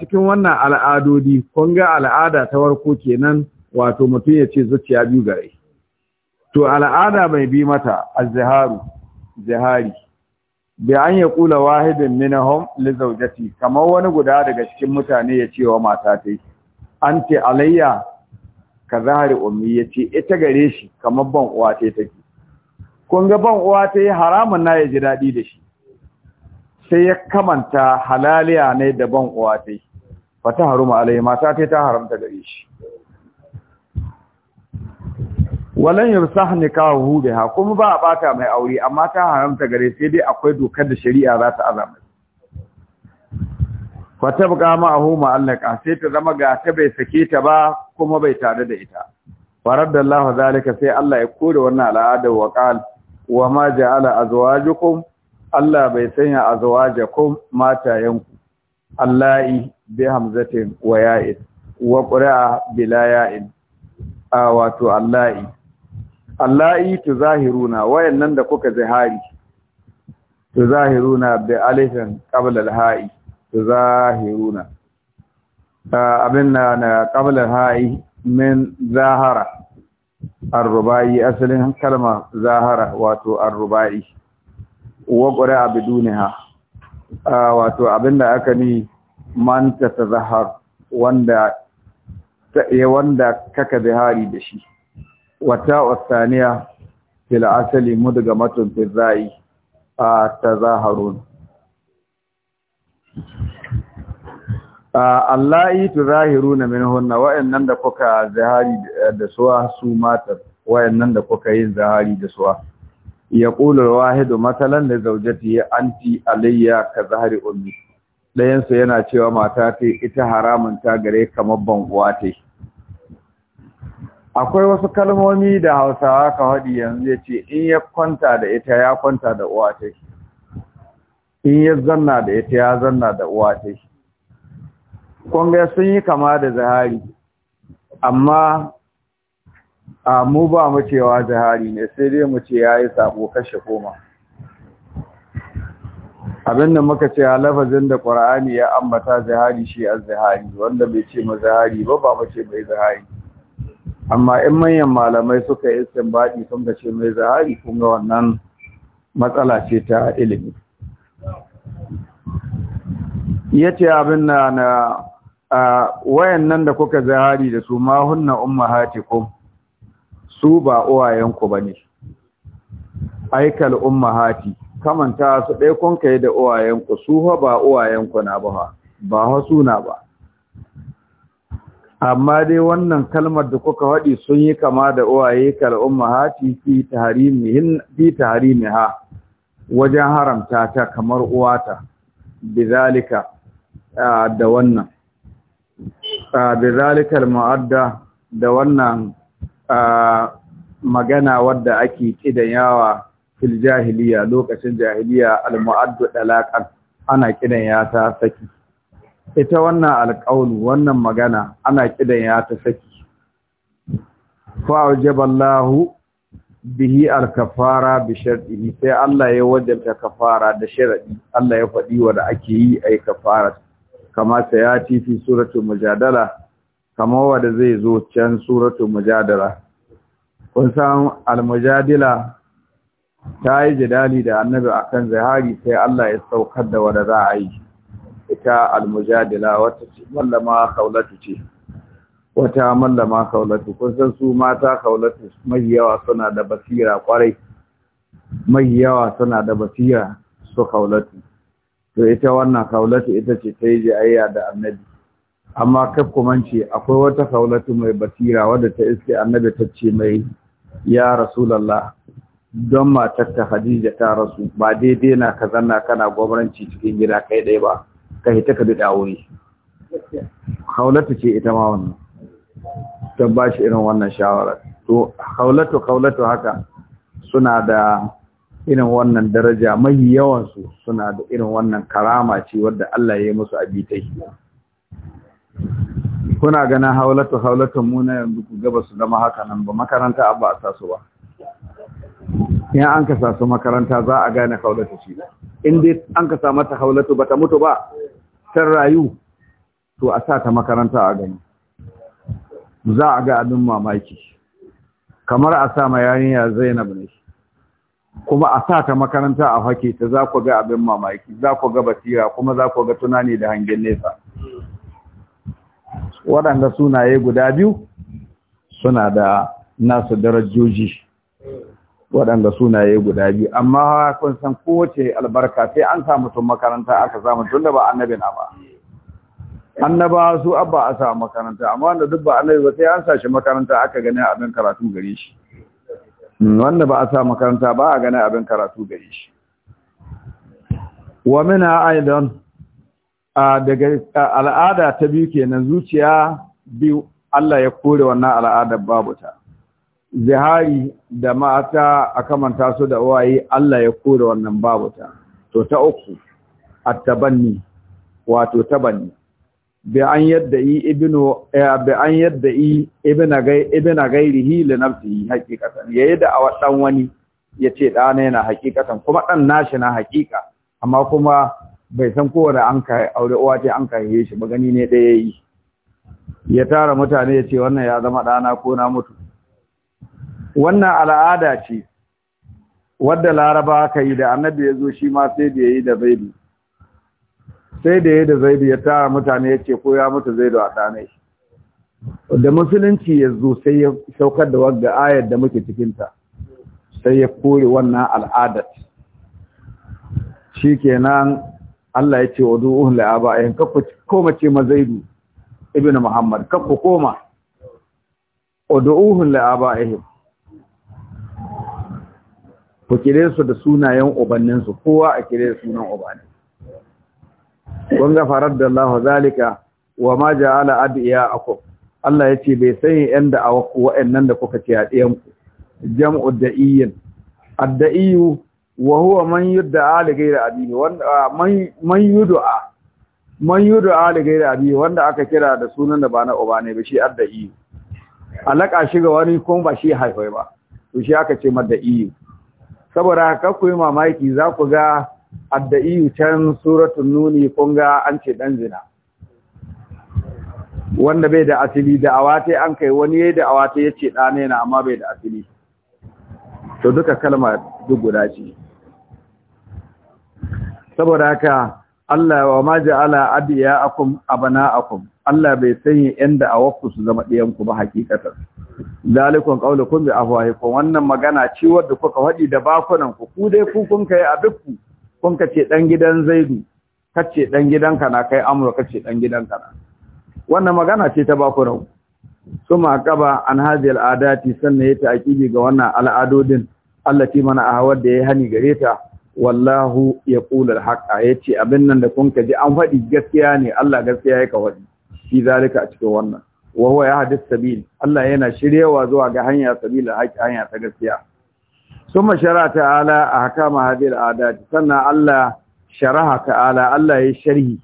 S1: cikin wannan al'adodi kun ga al'ada ta warko kenan wato mutum ya ce zuciya biyu gare to al'ada mai bi mata azharu zahari bi an ya kula wahidin minhum li zawjati kamar wani guda daga cikin mutane ya ce wa mata tai an ce alayya ka zahari ummi ya ce ita gare shi kamar ban uwa ta take kun ga ban uwa ta yi haramun na ya ji daɗi da shi sai ya kamanta halaliya ne da ban uwa ta yi ta haruma Alayya mata ta ta haramta gare shi walan kawo nikahu biha kuma ba a bata mai aure amma ta haramta gare sai dai akwai dokar da shari'a za ta azama fatabqa ma'ahu ma'allaka sai ta zama ga ta bai sake ta ba kuma bai tare da ita faradallahu zalika sai Allah ya kore wannan al'ada wa qal wa ma ja'ala azwajukum Allah bai sanya azwajakum matayanku Allahi bi hamzatin wa ya'id wa qira'a bila ya'id a wato Allahi Allahi tuzahiruna wayannan da kuka zahari tuzahiruna bi alifin qabla al-ha'i zahiruna ah, abin na na qabla ha'i min zahara ar asalin kalma zahara wato ar-rubai wa abu duniya. Ah, wato abinda aka ni manta ta wanda wanda kaka hari da shi wata wasaniya fil asali daga matun fil zai a ah, zaharuna allahi na minhunna nan da kuka zahari da suwa su matar nan da kuka yin zahari da suwa yaqulu wahidu matalan da Zaujati ya anti alayya ka zahari ummi yana cewa mata ta ita haramun ta gare kamar ban uwa akwai wasu kalmomi da Hausawa ka haɗi yanzu ya ce in ya kwanta da ita ya kwanta da uwa ta in ya zanna da ita ya zanna da uwa ta shi kunga sun yi kama da zahari amma a mu ba mu cewa zahari ne sai dai mu ce ya yi sabo kashe koma abinda muka ce a lafazin da ƙwararri ya ambata zahari shi a zahari wanda bai ce ma zahari ba ba mu ce mai zahari amma in manyan malamai suka yi sun baɗi sun ga ce mai zahari kunga wannan matsala ce ta ilimi ya ce abin na na wayan nan da kuka zahari da su ma hunna ku? su ba uwayenku bane aikal kaman kamanta su ɗaya kun kai da uwayenku su ha ba uwayenku na ba ba ha suna ba amma dai wannan kalmar da kuka haɗi sun yi kama da uwaye kal hati fi tahrimihin fi ha. wajen haramta ta kamar uwata bizalika da wannan al mu'adda da wannan magana wadda ake yawa fil jahiliya lokacin jahiliya al mu'addu dalaqan ana ya ta saki ita wannan alƙaulu wannan magana ana ya ta saki fa aujaballahu bihi al-kafara bi shar'i sai Allah ya wajabta kafara da shar'i Allah ya faɗi da ake yi ai kafara kama sayati fi suratul mujadala kama wanda zai zo can suratul mujadala kun san al ta yi jidali da annabi akan zahari sai Allah ya saukar da wanda za a yi ita al wata ce mallama kaulatu ce wata mallama ma kaulatu kun san su mata kaulatu mai yawa suna da basira kwarai mai yawa suna da basira su kaulatu to ita wannan kaulatu ita ce ta yi jayayya da annabi amma kaf kumanci akwai wata kaulatu mai basira wadda ta iske annabi ta ce mai ya rasulallah don matar ta Khadija ta rasu ba daidai na ka zanna kana gwamnati cikin gida kai ɗaya ba ka hita ka bi da kaulatu ce ita ma wannan ta ba shi irin wannan shawara to haulatu-haulatu haka suna da irin wannan daraja mai yawansu suna da irin wannan karama ce wadda Allah ya yi musu abitai kuna gana haulatu haulatu mu na yanzu ku gaba su zama haka nan ba makaranta abba a sasu ba in an ka sasu makaranta za a gane haulatu ce in dai an ka mata haulatu bata mutu ba ta rayu to a sa ta makaranta a gani za a ga abin mamaki kamar a sa ma Zainab ne kuma a sa ta makaranta a hake ta za ku ga abin mamaki za ku ga basira kuma za ku ga tunani da hangen nesa waɗanda sunaye guda biyu suna da nasu darajoji waɗanda sunaye guda biyu amma kun san kowace albarka sai an sa mutum makaranta aka samu tun da ba annabina ba annaba su abba a sa makaranta amma wanda duk ba annabi ba sai an sa shi makaranta aka gani abin karatu gare shi hmm, wanda ba a sa makaranta ba a gani abin karatu gare shi wa mina aidan daga al'ada ta biyu kenan zuciya biyu Allah ya kore wannan al'ada babu ta zihari da mata a manta su da waye Allah ya kore wannan babu ta to ta uku at-tabanni wato tabanni bi an yadda ibnu eh, bi na yadda'i ibna gai ibna yi li da awa ɗan wani yace da na yana hakikatan kuma ɗan nashi na hakika. amma kuma bai san kowa da an kai aure uwa ce an kai shi ba gani ne daya yi ya tara mutane ya ce wannan ya zama dana ko na mutu wannan al'ada ce wadda laraba aka yi da annabi ya zo shi ma sai da yayi da baibi. sai da ya da zaidu ya tara mutane ya ce ko ya mutu zaidu a ɗanai da musulunci ya zo sai ya saukar da wadda ayar da muke cikinta sai ya kore wannan al'adar shi kenan Allah ya ce wa du'uhun la'aba yin kakko koma ce ma zaidu ibn muhammad kakko koma wa du'uhun la'aba ayin ku kire su da sunayen obanninsu, kowa a kire sunan ubannin kun ga farar da Allah zalika wa ma ja'ala adiya akum Allah yace bai sanya yan da awaku wa'annan da kuka ce a ɗiyan ku jam'u da'iyyin adda'iyu wa huwa man yud'a li ghayri adini wanda man man yud'a man yud'a li ghayri adini wanda aka kira da sunan da ba na uba ne ba shi adda'iyu alaka shi ga wani kuma ba shi haifai ba to shi aka ce madda'iyu saboda ka ku yi mamaki za ku ga adda'iyu can suratul nuni kun ga an ce dan zina wanda bai da asili da awate an kai wani yayi da awate yace da ne na amma bai da asili to duka kalma duk guda ce saboda haka Allah wa ma ja'ala abiyakum abana'akum Allah bai sanya yan da awaku su zama ɗiyan ku ba hakikatan zalikun qaulukum bi afwahikum wannan magana ciwar da kuka wadi da bakunan ku ku dai ku kun kai dukku. kun ka ce ɗan gidan zaidu ka ce ɗan gidanka na kai amurka ka ce ɗan gidan kana wannan magana ce ta baku rau suma qaba an al'ada al'adati sannan ya ta'kidi ga wannan al'adodin Allah allati mana a hawar da ya hani gare ta wallahu ya yaqulu haƙa ya ce abin nan da kun ka ji an faɗi gaskiya ne Allah gaskiya ya ka faɗi fi zalika a cikin wannan wa huwa yahdi sabil Allah yana shiryawa zuwa ga hanya sabil haƙi hanya ta gaskiya haka شرع تعالى adadi sannan Allah shara الله شرح Allah ya sharhi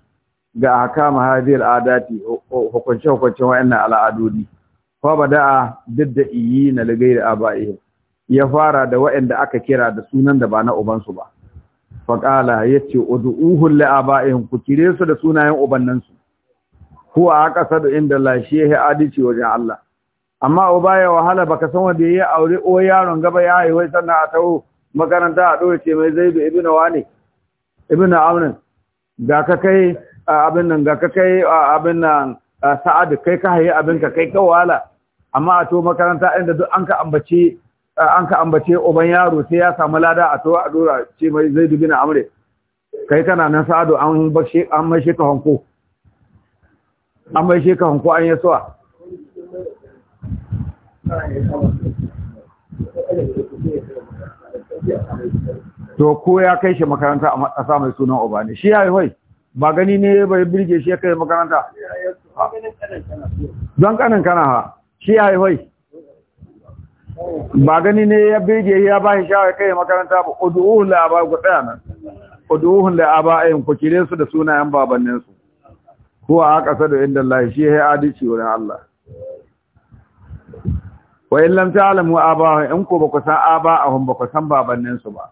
S1: ga ahkam hadhihi al'adati hukunce hukunce na al'adodi fa bada'a diddaiyi na da aba'ihi ya fara da da aka kira da sunan da ba na ubansu ba fa qala yace ud'uhu li aba'ihim ku kire su da sunayen ubannansu huwa aqsadu inda ya shehi adici wajen Allah amma uba ya wahala baka san wanda ya aure o yaron gaba ya haihu sannan a taho makaranta a dole ce mai zaidu ibnu wani ibnu amrin ga ka kai abin nan ga ka kai abin nan sa'ad kai ka haye abin ka kai ka wahala amma a to makaranta inda duk an ka ambace an ka ambace uban yaro sai ya samu lada a to a dora ce mai zaidu bin amre kai kana nan sa'adu an an mai shi ka hanko an mai shi ka hanko an to ko ya kai shi makaranta a matsasa mai sunan obani shi ya yi hoi ba gani ne bai birge shi ya kai makaranta don kanin kana ha shi ya yi hoi ba gani ne ya birge ya ba shi shawar kai makaranta ba udu'uhun ba ku tsaya nan udu'uhun la'aba ayin ku kire su da sunayen babanninsu ko a ƙasa da inda Allah shi ya yi adici wurin Allah wa in lam ta'lamu aba'ahu in ko ku san aba'ahum ku san babannin su ba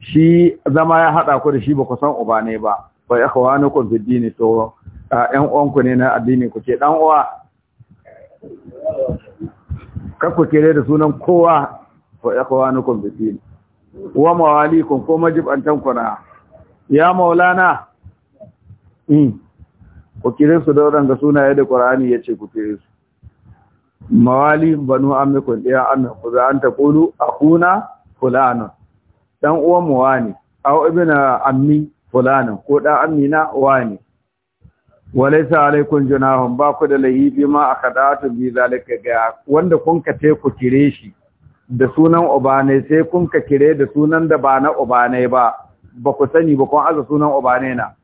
S1: shi zama ya hada ku da shi ku san uba ne ba wa ikhwanukum fi dini to ƴan uwanku ne na addini ku ce dan uwa kakku kire da sunan kowa wa ikhwanukum fi dini wa mawalikum ko majibantan ku na ya maulana mm, ku kire su da waɗanda sunaye da qur'ani ya ce ku kire su mawalin banu amikun ɗaya amiku za an ta kulu a kuna fulanin ɗan uwan mu wani au na ammi fulanin ko ɗan amina wani walaisa alaikun junahun ba ku da laifi ma aka datu bi zalika ga wanda kun ka te ku kire shi da sunan ubane sai kun ka kire da sunan da ba na ubane ba ba ku sani ba kun aza sunan ubane na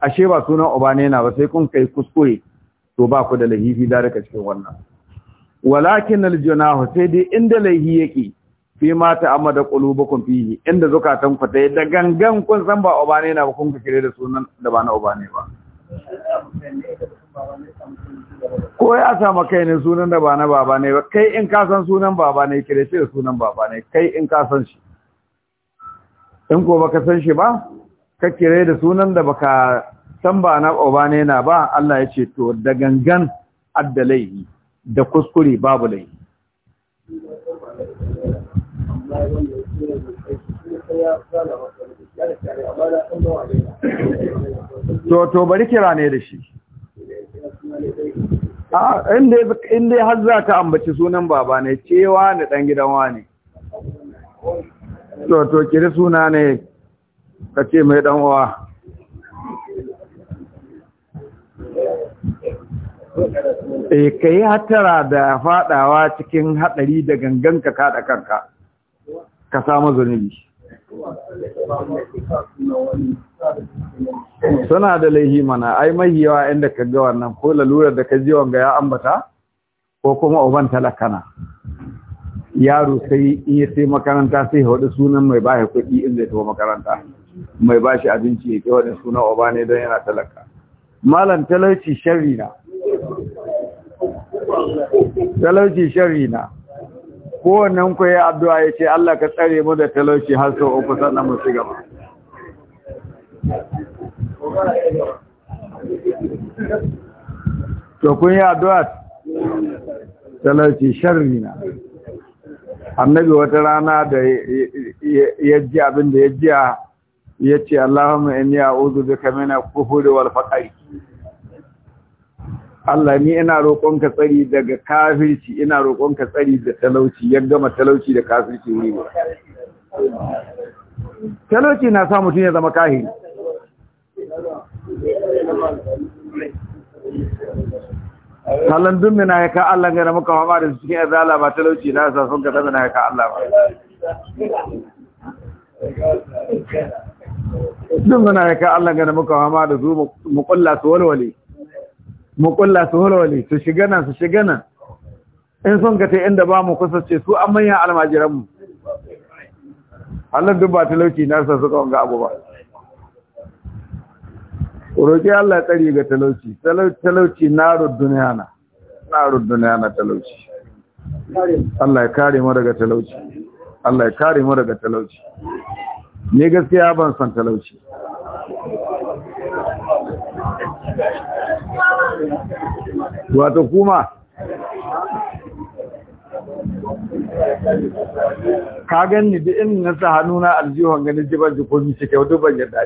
S1: ashe ba sunan ubane na ba sai kun kai kuskure to ba ku da laifi zalika cikin wannan walakin aljunahu sai dai inda laihi yake fi ma ta'ammada qulubukum fihi inda zukatan ku ta da gangan kun san ba uba ne na ba kun kire da sunan da ba na uba ne ba ko ya samu kai ne sunan da ba na baba ne ba kai in ka san sunan baba ne kire shi da sunan baba ne kai in ka san shi in ko baka san shi ba ka kire da sunan da baka san ba na uba ne na ba Allah ya ce to da gangan addalaihi da kuskure babu lai to to bari kira ne da shi inda har za ka ambaci sunan baba ne cewa na ɗan gidan wani to to kiri suna ne ka ce mai ɗan uwa eh ka yi hattara da faɗawa cikin haɗari da gangan ka kaɗa kanka ka samu zunubi suna da laihi mana ai yawa inda ka ga wannan ko lalurar da ka ji wanga ya ambata ko kuma uban talakana yaro sai in ya sai makaranta sai hudu sunan mai bashi kuɗi in zai tafi makaranta mai bashi abinci ya kewa da sunan uba ne don yana talaka malam talauci sharri na talauci shari na kowannen ku ya addu'a ya ce Allah ka tsare mu da talauci har sau uku sannan mu ci gaba to kun yi addu'a talauci shari na annabi wata rana da ya ji abin da ya ji ya ce Allahumma inni a'udhu bika min al-kufri wal faqr Allah ni ina roƙonka tsari daga kafirci ina roƙonka tsari da talauci ya gama talauci da kafirci wuri ba talauci na sa mutum ya zama kahiri halan dun mina ya ka Allah ga muka fama da cikin azala ba talauci na sa sun ka tsada na ya ka Allah ba dun mina ya ka Allah ga muka fama da su mu kulla su walwale mu kulla su hulwali su shiga nan su shiga nan in sun ka ta inda ba mu kusa ce su an manyan almajiranmu Allah duk ba talauci na sa suka wanga abu ba roƙi Allah tsari ga talauci talauci na duniya na na duniya na talauci Allah ya kare mu daga talauci Allah ya kare mu daga talauci ne gaskiya ban san talauci wato kuma ka ganni da in na sa hannuna aljihon ganin jibar jikomi cike wadda ban yadda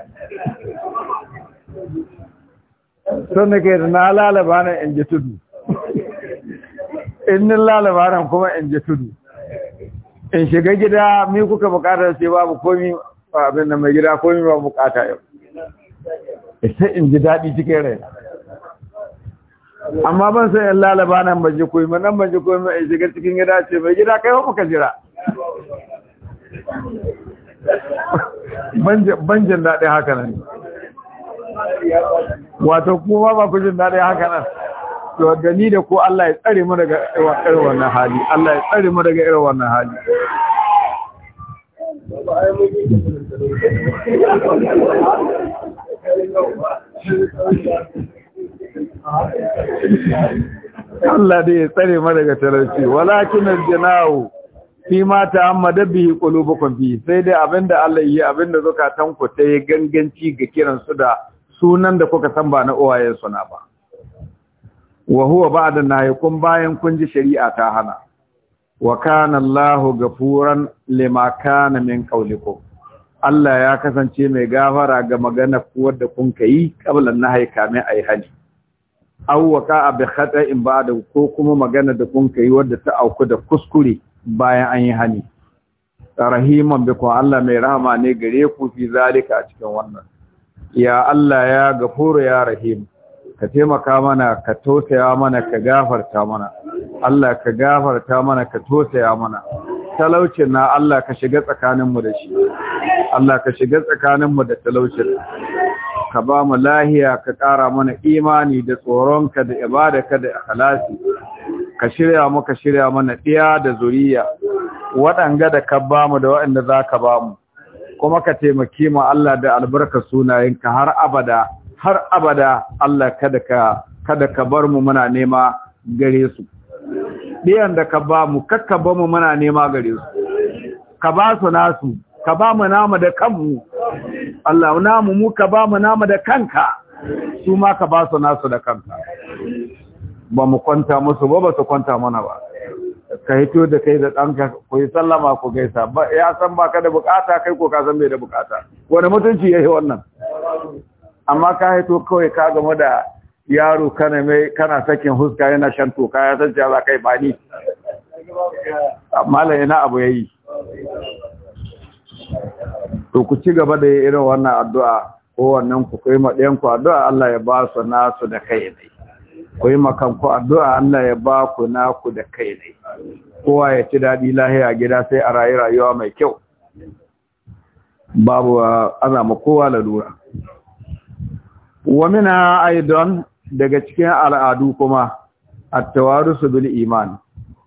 S1: sun da ke da na lalaba na in ji tudu in nin lalaba kuma in ji tudu in shiga gida mai kuka bukatar sai babu komi abin da mai gida komi babu bukata yau sai in ji daɗi cikin rai amma ban san yan lalaba nan ban ji koyi nan ban ji koyi ba shiga cikin gida ce mai gida kai ba ka jira ban jin daɗi haka nan wato kuma ba ku jin daɗi haka nan to gani da ko Allah ya tsare mu daga irin wannan hali Allah ya tsare mu daga irin wannan hali
S3: Thank you.
S1: Allah dai ya tsare mu daga talauci walakin aljinau fi ma ta'ammada bihi qulubukum fi sai dai abinda Allah yi abinda zuka ku ta yi ganganci ga kiran su da sunan da kuka san ba na uwayen suna ba wa huwa ba'da yakun bayan kun ji shari'a ta hana wa kana Allahu gafuran lima kana min Allah ya kasance mai gafara ga magana ku wadda kun kai kablan na kamin ai hali aw waqa bi khata'in ba'da ko kuma magana da kun kai wadda ta auku da kuskure bayan an yi hani rahiman bikum Allah mai rahama ne gare ku fi zalika a cikin wannan ya Allah ya gafuru ya rahim ka taimaka mana ka tosaya mana ka gafarta mana Allah ka gafarta mana ka tosaya mana talaucin na Allah ka shiga tsakaninmu da shi Allah ka shiga tsakaninmu da talaucin ka ba mu lahiya ka ƙara mana imani da tsoronka da ibadaka da ikhlasi ka shirya mu ka shirya mana ɗiya da zuriya waɗanga da ka ba mu da waɗanda za ka ba mu kuma ka taimake mu Allah da albarka sunayenka har abada har abada Allah kada ka kada ka bar mu muna nema gare su ɗiyan da ka ba mu kakka ba mu muna nema gare su ka ba su nasu ka ba mu namu da kanmu Allah namu mu ka ba mu namu da kanka su ma ka ba su nasu da kanka ba mu kwanta musu ba ba su kwanta mana ba ka hito da kai da ɗanka ku yi sallama ku gaisa ya san ba ka da bukata kai ko ka san bai da bukata wani mutunci ya yi wannan amma ka hito kawai ka gama da yaro kana mai kana sakin huska yana shan toka ya san cewa kai ba ni amma la yana abu yayi to ku ci gaba da irin wannan addu'a ko wannan ku kai ma ɗayan addu'a Allah ya ba su na su da kai ne ku yi makan ku addu'a Allah ya ba ku na ku da kai ne kowa ya ci daɗi lahiya gida sai a rayu rayuwa mai kyau babu ah, ana ma kowa lalura wa mina aidan daga cikin al'adu kuma at-tawarusu bil iman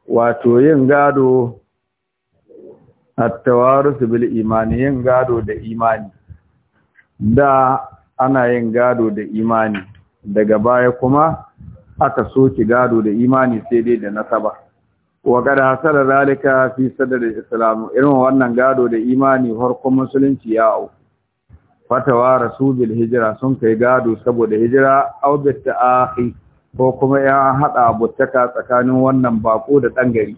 S1: wato yin gado attawaru su bil imani yin gado da imani da ana yin gado da imani daga baya kuma aka soki gado da imani sai dai da nasaba wa qad hasala zalika fi sadar islam irin wannan gado da imani farkon musulunci ya au fatawa rasulul hijira sun kai gado saboda hijira au bi ta'akhi ko kuma ya hada abutaka tsakanin wannan baƙo da dangare gari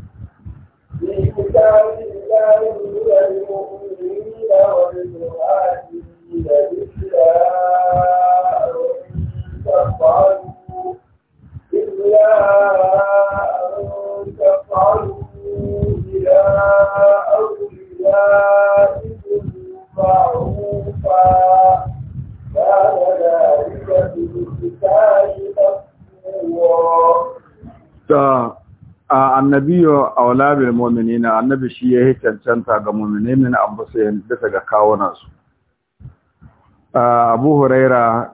S1: Ya da annabiyo aula momini na annabi shi ya yi cancanta ga mu'minai min ambasayin bisa ga kawunansu abu huraira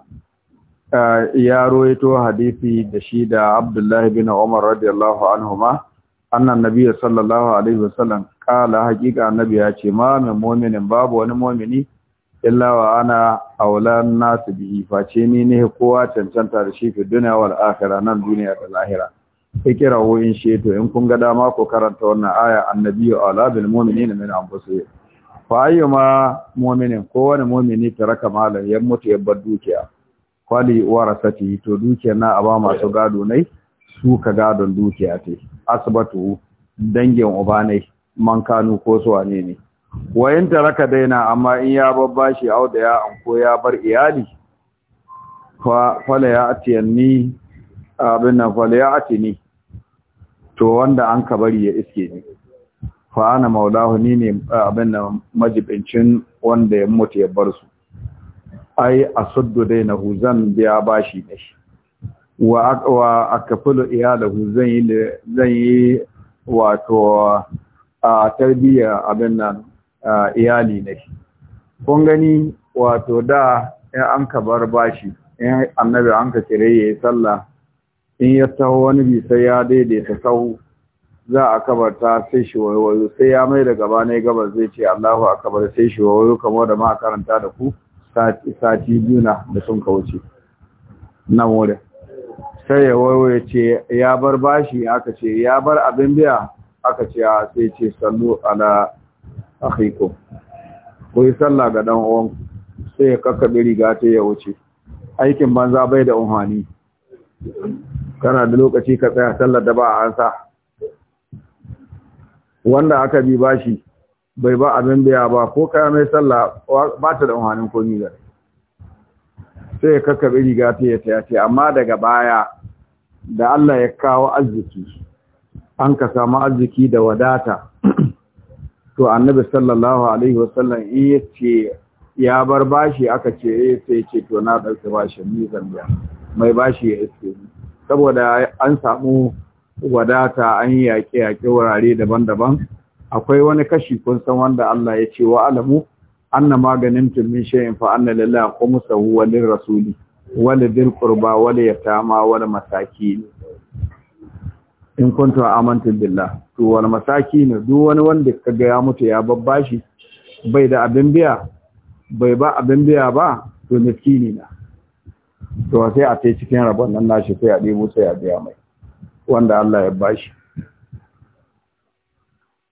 S1: ya roito hadisi da shi da abdullahi bin umar radiyallahu anhuma annan nabiya sallallahu alaihi wasallam kala hakika annabi ya ce ma min mu'minin babu wani mu'mini illa wa ana aula nasu bihi face ni ne kowa cancanta da shi fi duniya wal akhirah nan duniya da lahira ikirahu in sheto in kun ga dama ko karanta wannan aya annabiyyu ala bil mu'minina min anfusih fa ayyuma mu'minin ko wani mu'mini taraka malan ya mutu ya bar dukiya kwali warasati to dukiya na aba masu gado nai su ka gadon dukiya te asbatu dangin uba nai man kanu ko su wane ne wayin taraka daina amma in ya babbashi au da ya anko ya bar iyali fa fala ya atiyanni abin nan fal ati ni to wanda an ka bari ya iske ni fa ana maulahu ni ne abin nan majibincin wanda ya mutu ya bar su ai asuddu dai na huzan biya bashi ne wa aqwa akafulu iyalahu zan yi zan yi wato a tarbiya abin nan iyali ne kun gani wato da an ka bar bashi annabi an ka kire yayi sallah in ya taho wani bi sai ya daidaita sa'u za a kabarta sai shi wayo sai ya mai da gaba ne gaba zai ce Allahu akbar sai shi wayo kamar da ma karanta da ku sati sati juna da sun kauce nan wore sai ya wayo ya ce ya bar bashi aka ce ya bar abin biya aka ce a sai ce sallu ala akhiku ko yi sallah ga dan uwan sai ya kakkabe riga ta ya wuce aikin banza bai da umhani kana da lokaci ka tsaya sallar da ba a ansa wanda aka bi bashi bai ba abin biya ba ko kaya mai sallah ba ta da umarnin komi da sai ya kakkaɓe riga ta ya taya ce amma daga baya da Allah ya kawo arziki an ka samu arziki da wadata to annabi sallallahu alaihi wasallam iya ce ya bar bashi aka ce eh, sai ce to na ɗauki bashi ni zan biya mai bashi ya iske ni saboda an samu wadata an yi yaƙe-yaƙe wurare daban-daban akwai wani kashi kun san wanda Allah ya ce wa alamu anna maganin min shay'in fa anna lillahi rasuli. wa lirrasuli wa wani qurba wa wani wa masakin in kuntu amantu billah to wal masakin duk wani wanda kaga ya mutu ya babbashi bai da abin biya bai ba abin biya ba to miskini na to sai a kai cikin rabon nan nashi sai a ɗebo sai a biya mai wanda Allah ya bashi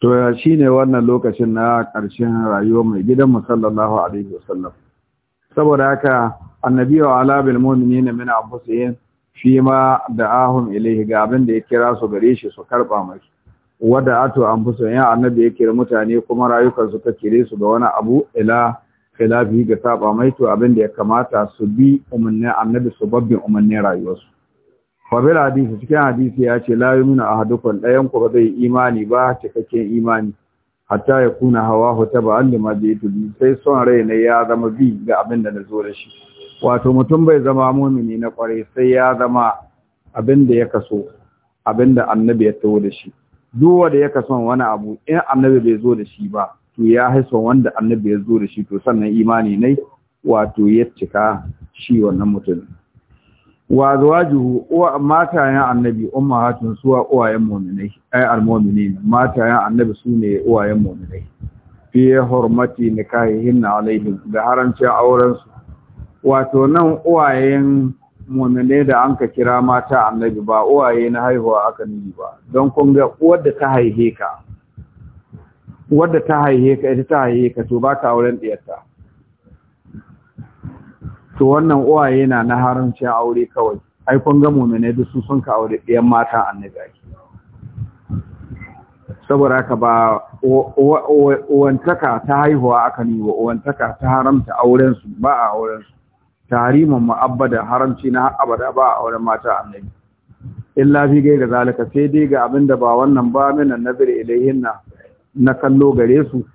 S1: to shi ne wannan lokacin na ƙarshen rayuwar mai gidan musallallahu alaihi wasallam saboda haka annabi wa ala bil mu'minina min anfusihim fi ma da'ahum ilayhi ga abin da ya kira su gare shi su karba mai wada ato anfusihim annabi ya kira mutane kuma rayukan su ta kire su ga wani abu ila khilafi ga saba mai to abin da ya kamata su bi umarnin annabi su babbin umarnin rayuwarsu fabil hadisi cikin hadisi ya ce la yumina ahadukum dayan ku ba zai imani ba cikakken imani hatta ya kuna hawa ta ba allima bi sai son rai ne ya zama bi ga abin da nazo da shi wato mutum bai zama mumini na kware sai ya zama abin da ya kaso abin da annabi ya tawo da shi duk wanda ya kaso wani abu in annabi bai zo da shi ba to ya haifa wanda annabi ya zo da shi to sannan imani ne wato ya cika shi wannan mutum wa zawajuhu uwa matayen annabi ummahatun suwa uwayen mu'minai ay almu'minin matayen annabi sune uwayen mu'minai fi hurmati nikahihin alaihi da haramcin auren su wato nan uwayen mu'minai da anka kira mata annabi ba uwaye na haihuwa aka nuni ba don kun ga uwar da ta haihe ka wadda ta haihe ka ita ta haihe ka to baka auren diyarta to wannan uwaye na na haramcin aure kawai ai kun ga mu'mine duk su sun ka aure diyan mata annabi ake saboda haka ba uwantaka ta haihuwa aka ni wa uwantaka ta haramta auren su ba a auren su tarimin mu'abbada haramci na abada ba a auren mata annabi illa fi ga zalika sai dai ga abinda ba wannan ba minan nazari ilayhinna na kallo gare su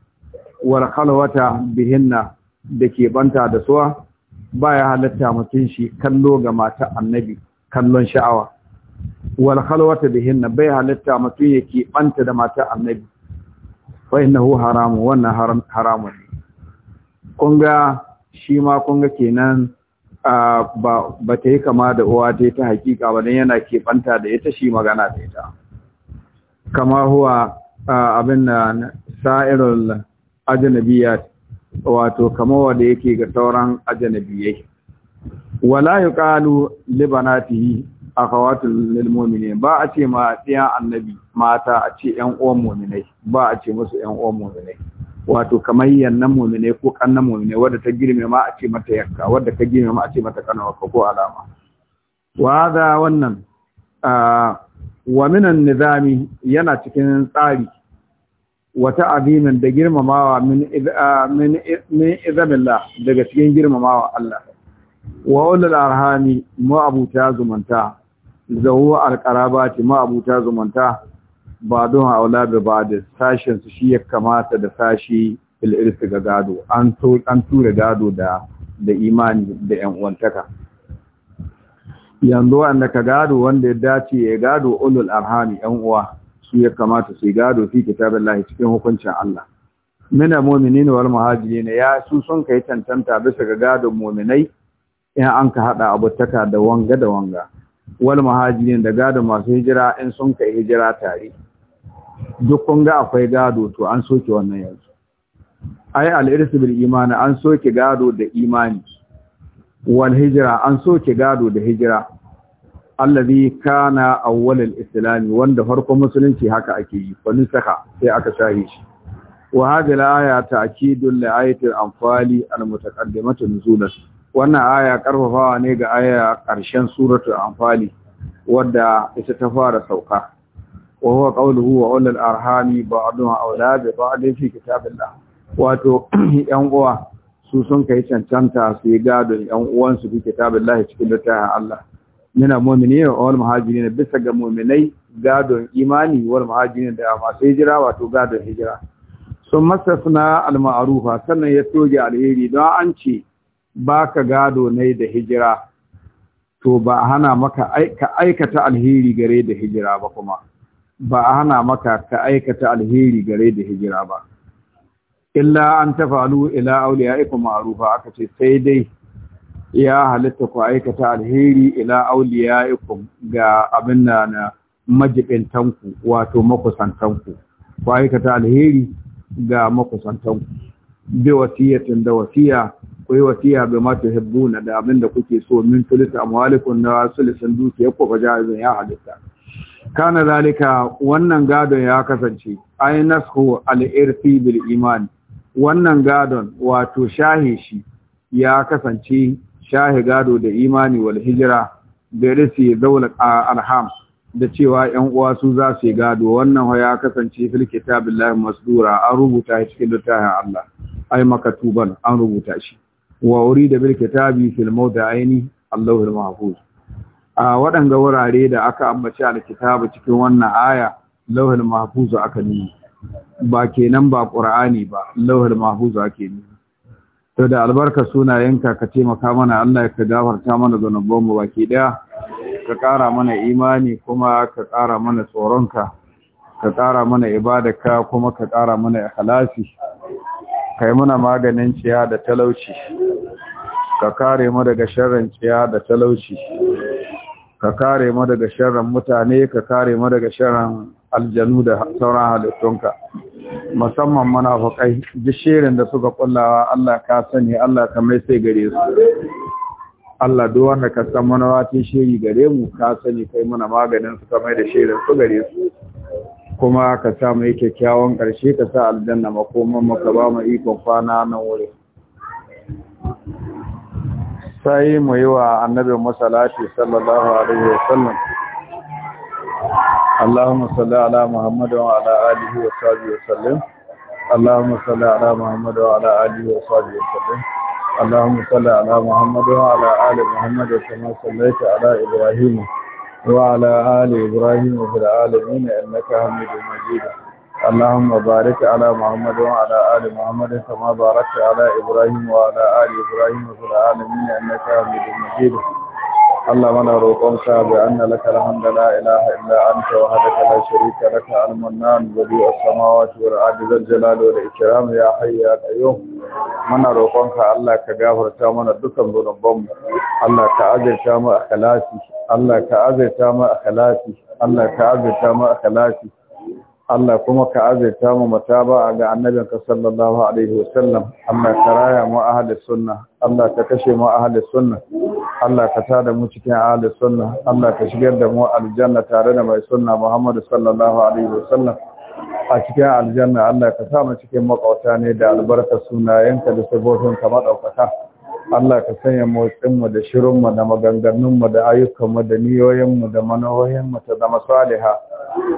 S1: war khalwata bihinna da ke banta da suwa baya halatta mutum shi kallo ga mata annabi kallon sha'awa wal khalwata bihinna bai halatta mutum ke banta da mata annabi na hu haramu wannan haramu ne kunga shi ma kunga kenan ba ta yi kama da uwa ta ta hakika ba dan yana ke banta da ita shi magana da ita kama huwa abin da sa'irul ajnabiyat wato kamar wanda yake ga sauran ajnabiyai wala yuqalu li banatihi akhawatul lil mu'minin ba a ce ma ɗiyan annabi mata a ce ƴan uwan mu'minai ba a ce musu ƴan uwan mu'minai wato kamar yannan mu'minai ko kannan mu'minai wanda ta girme ma a ce mata yakka wanda ka girme ma a ce mata kanawa ko alama wa wannan a wa minan nizami yana cikin tsari wata azimin da girmamawa min izamillah daga cikin girmamawa Allah wa ulul arhami abuta zumunta zawo alqarabati ma'abuta zumunta ba don aula ba da sashin su shi ya kamata da sashi fil ga gado an tura gado da da imani da yan uwantaka yanzu wanda ka gado wanda ya dace ya gado ulul arhami yan uwa su ya kamata su gado fi lahi cikin hukuncin Allah mina mu'minin wal muhajirin ya su sun kai tantanta bisa ga gado mu'minai in an ka hada abutaka da wanga da wanga wal muhajirin da gado masu hijira in sun kai hijira tare duk kun ga akwai gado to an soke wannan yanzu ai al-irsu bil imani an soke gado da imani wal hijira an soke gado da hijira allazi kana al islam wanda farkon musulunci haka ake yi wani saka sai aka shahi shi wa hadhihi al-aya ta'kidun li ayati al-anfali al-mutaqaddimati nuzulan wannan aya karfafawa ne ga aya karshen suratul anfali wadda ita ta fara sauka wa huwa qawluhu wa ulul arhami ba'duha awla bi fi kitabillah wato yan uwa su sun kai cancanta su yi gadon yan uwansu bi kitabillahi cikin littafin Allah mina mu'mini wa wal muhajirin bisa ga mu'minai gadon imani wal muhajirin da masu hijira wato gadon hijira sun masasna al ma'rufa sannan ya toge alheri don an ce baka gado ne da hijira to ba hana maka ka aikata alheri gare da hijira ba kuma ba a hana maka ka aikata alheri gare da hijira ba illa an tafalu ila awliyaikum ma'rufa aka ce sai dai ya halitta ku aikata alheri ila awliyaikum ga abin da na majibintanku wato makusantanku ku aikata alheri ga makusantanku bi wasiyatin da wasiya ku yi wasiya bi ma na da abin da kuke so min tulis amwalikum na sulisan dukiya ku fajazin ya halitta kana zalika wannan gado ya kasance ay nashu al bil imani. wannan gadon wato shahe shi ya kasance shahe gado da imani wal hijira da risi daula alham da cewa yan uwa su za su gado wannan ya kasance fil kitabillahi masdura an rubuta shi cikin littafin Allah ai makatuban an rubuta shi wa urida bil kitabi fil mawda'aini Allahul mahfuz a waɗanga wurare da aka ambaci alkitabu cikin wannan aya lauhul mahfuz aka nuna ba kenan ba ƙura'ani ba lauhar mahfuz ke ne to da albarka yanka ka taimaka mana Allah ka gafarta mana zanubanmu mu baki daya ka ƙara mana imani kuma ka ƙara mana tsoronka ka ƙara mana ibadaka kuma ka ƙara mana ikhlasi kai mana maganin ciya da talauci ka kare mu daga sharrin ciya da talauci ka kare mu daga sharran mutane ka kare mu daga sharran aljanu da sauran halittunka musamman munafukai duk shirin da suka kullawa Allah ka sani Allah ka mai sai gare su Allah duk wanda ka san manawati shiri gare mu ka sani kai muna maganin su ka da shirin su gare su kuma ka sa mu yi kyakkyawan karshe ka sa aljanna makoman ka ba mu ikon kwana nan wurin sai mu yi wa annabi masalati sallallahu alaihi wa wasallam Allahumma salli ala Muhammad wa ala alihi wa sahbihi wasallam Allahumma salli ala Muhammad wa ala alihi wa sahbihi wasallam اللهم صل على ala Ali آل محمد كما ala Ibrahim wa ala Ali Ibrahim في العالمين إنك حميد مجيد اللهم بارك على محمد وعلى آل محمد كما باركت على إبراهيم وعلى آل إبراهيم في العالمين إنك حميد مجيد اللهم انا روقك بان لك الحمد لا اله الا انت وحدك لا شريك لك المنان بديع السماوات والارض ذو الجلال والاكرام يا حي يا قيوم من روقك الله كغفرت منا دكان ذنوبنا الله تعذرت ما اخلاصي الله تعذرت ما اخلاصي الله تعذرت ما اخلاصي Allah kuma ka azaita mu mutaba ga ka sallallahu alaihi wasallam Allah ka raya mu ahli sunna Allah ka kashe mu ahli sunna Allah ka tada mu cikin ahli sunna Allah ka shigar da mu aljanna tare da mai sunna Muhammad sallallahu alaihi wasallam a cikin aljanna Allah ka sa mu cikin makauta ne da albarka sunayenka da sabobin ka madaukaka Allah ka sanya motsin mu da shirin mu da maganganun mu da ayyukan mu da niyoyin mu da manoyin mu ta zama salihah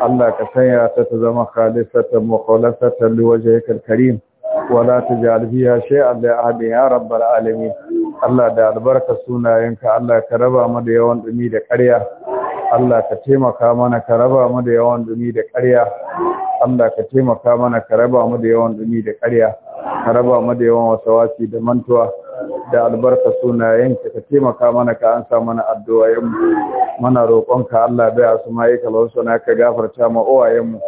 S1: Allah ka sanya ta ta zama khalisatan mukhlasatan liwajhikal karim ولا تجعل فيها شيئا لأحد يا رب العالمين الله da albarka sunayenka Allah ka raba mu da yawan dumi da ƙarya Allah ka taimaka mana ka raba mu da yawan dumi da ƙarya Allah ka taimaka mana ka raba mu da yawan dumi da ƙarya ka raba mu da yawan wasawasi da mantuwa da albarka sunayen ka taimaka mana ka ansa mana addu'o'in mu muna roƙonka Allah bai asu mai kalonsu na ka gafarta ma uwayen mu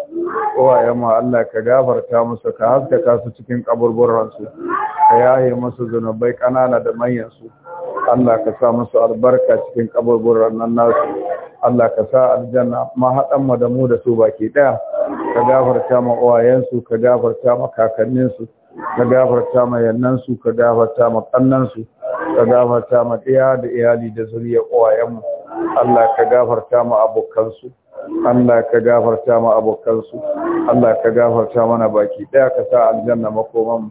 S1: uwayen mu Allah ka gafarta musu ka haskaka su cikin kaburburan ka yaye musu zunubai kanana da manyan su Allah ka sa musu albarka cikin kaburburan nan nasu Allah ka sa aljanna mahaɗan mu da mu da su baki ɗaya ka gafarta ma uwayensu ka gafarta ma kakanninsu ka gafarta ma yannansu ka gafarta ma kannansu ka gafarta ma ɗaya da iyali da zuriya ƙwayenmu Allah ka gafarta ma abokansu Allah ka gafarta ma abokansu Allah ka gafarta mana baki ɗaya ka sa aljanna makoman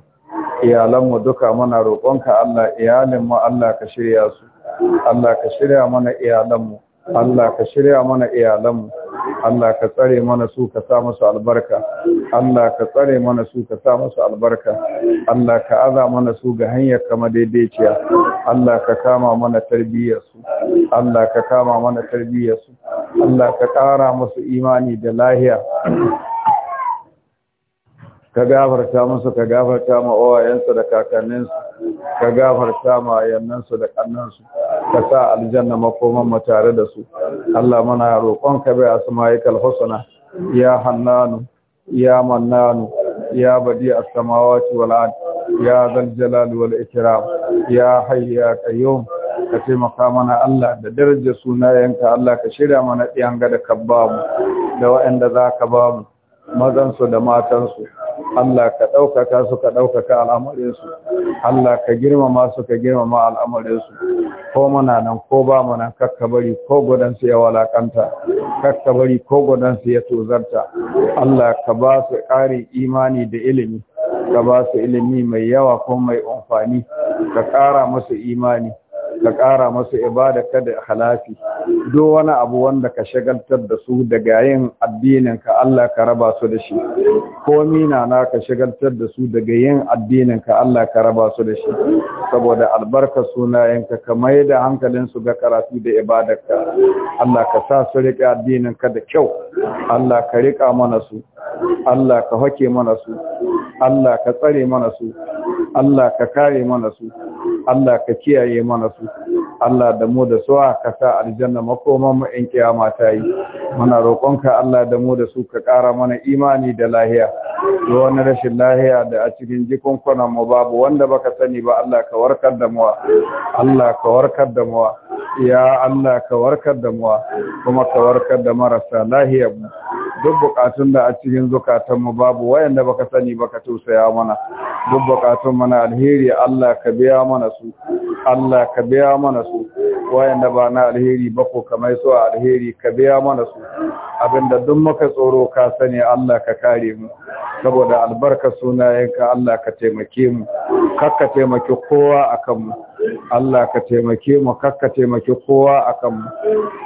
S1: iyalanmu duka muna roƙonka Allah iyalinmu Allah ka shirya su Allah ka shirya mana iyalanmu Allah ka shirya mana iyalanmu Allah ka tsare mana su ka sa musu albarka Allah ka tsare mana su ka sa musu albarka Allah ka aza mana su ga hanyar kama daidaiciya Allah ka kama mana tarbiyyar su Allah ka kama mana tarbiyyar su Allah ka ƙara musu imani da lahiya ka gafarta musu ka gafarta ma owayensu da kakanninsu ka gafarta ma yannansu da kannansu ka sa aljanna makoman mu tare da su Allah muna roƙon ka bai asma'ikal husna ya hannanu ya mannanu ya badi as-samawati wal ard ya zal jalal wal ikram ya hayy ya qayyum ka taimaka mana Allah da darajar sunayenka Allah ka shirya mana ga da ka da waɗanda za ka ba bamu mazansu da matansu Allah ka ɗaukaka su ka ɗaukaka al'amarinsu Allah ka girmama su ka girmama al'amarinsu ko muna nan ko ba mu nan kakka bari ko gudansu ya walakanta kakka bari ko gudansu ya tozarta Allah ka ba su ƙarin imani da ilimi ka ba su ilimi mai yawa ko mai amfani ka ƙara musu imani ka ƙara masu ibada ka da halafi duk wani abu wanda ka shagaltar da su daga yin addinin ka Allah ka raba su da shi ko mina na ka shagaltar da su daga yin addinin ka Allah ka raba su da shi saboda albarka sunayenka ka mai da hankalin su ga karatu da ka, Allah ka sa su riƙe addinin ka da kyau Allah ka riƙa mana su Allah ka hake mana su Allah ka tsare mana su Allah ka kare mana su Allah ka kiyaye mana su Allah da mu da suwa ka sa aljanna makoman ma'in kiyama ta yi muna roƙonka Allah da mu da su ka ƙara mana imani da lahiya da wani rashin lahiya da a cikin jikunkunan mu babu wanda baka sani ba Allah ka warkar da muwa. Allah ka warkar da muwa. ya Allah ka warkar da muwa. kuma ka warkar da marasa lahiyar mu duk bukatun da a cikin cikin zukatanmu babu wayanda baka sani baka tausaya mana duk bukatun mana alheri Allah ka biya mana su Allah ka biya mana su wayanda ba na alheri ba ko kamar su alheri ka biya mana su abinda duk muka tsoro ka sani Allah ka kare mu saboda albarka sunayenka Allah ka taimake mu kakka taimake kowa akan mu Allah ka taimake mu kakka taimake kowa akan mu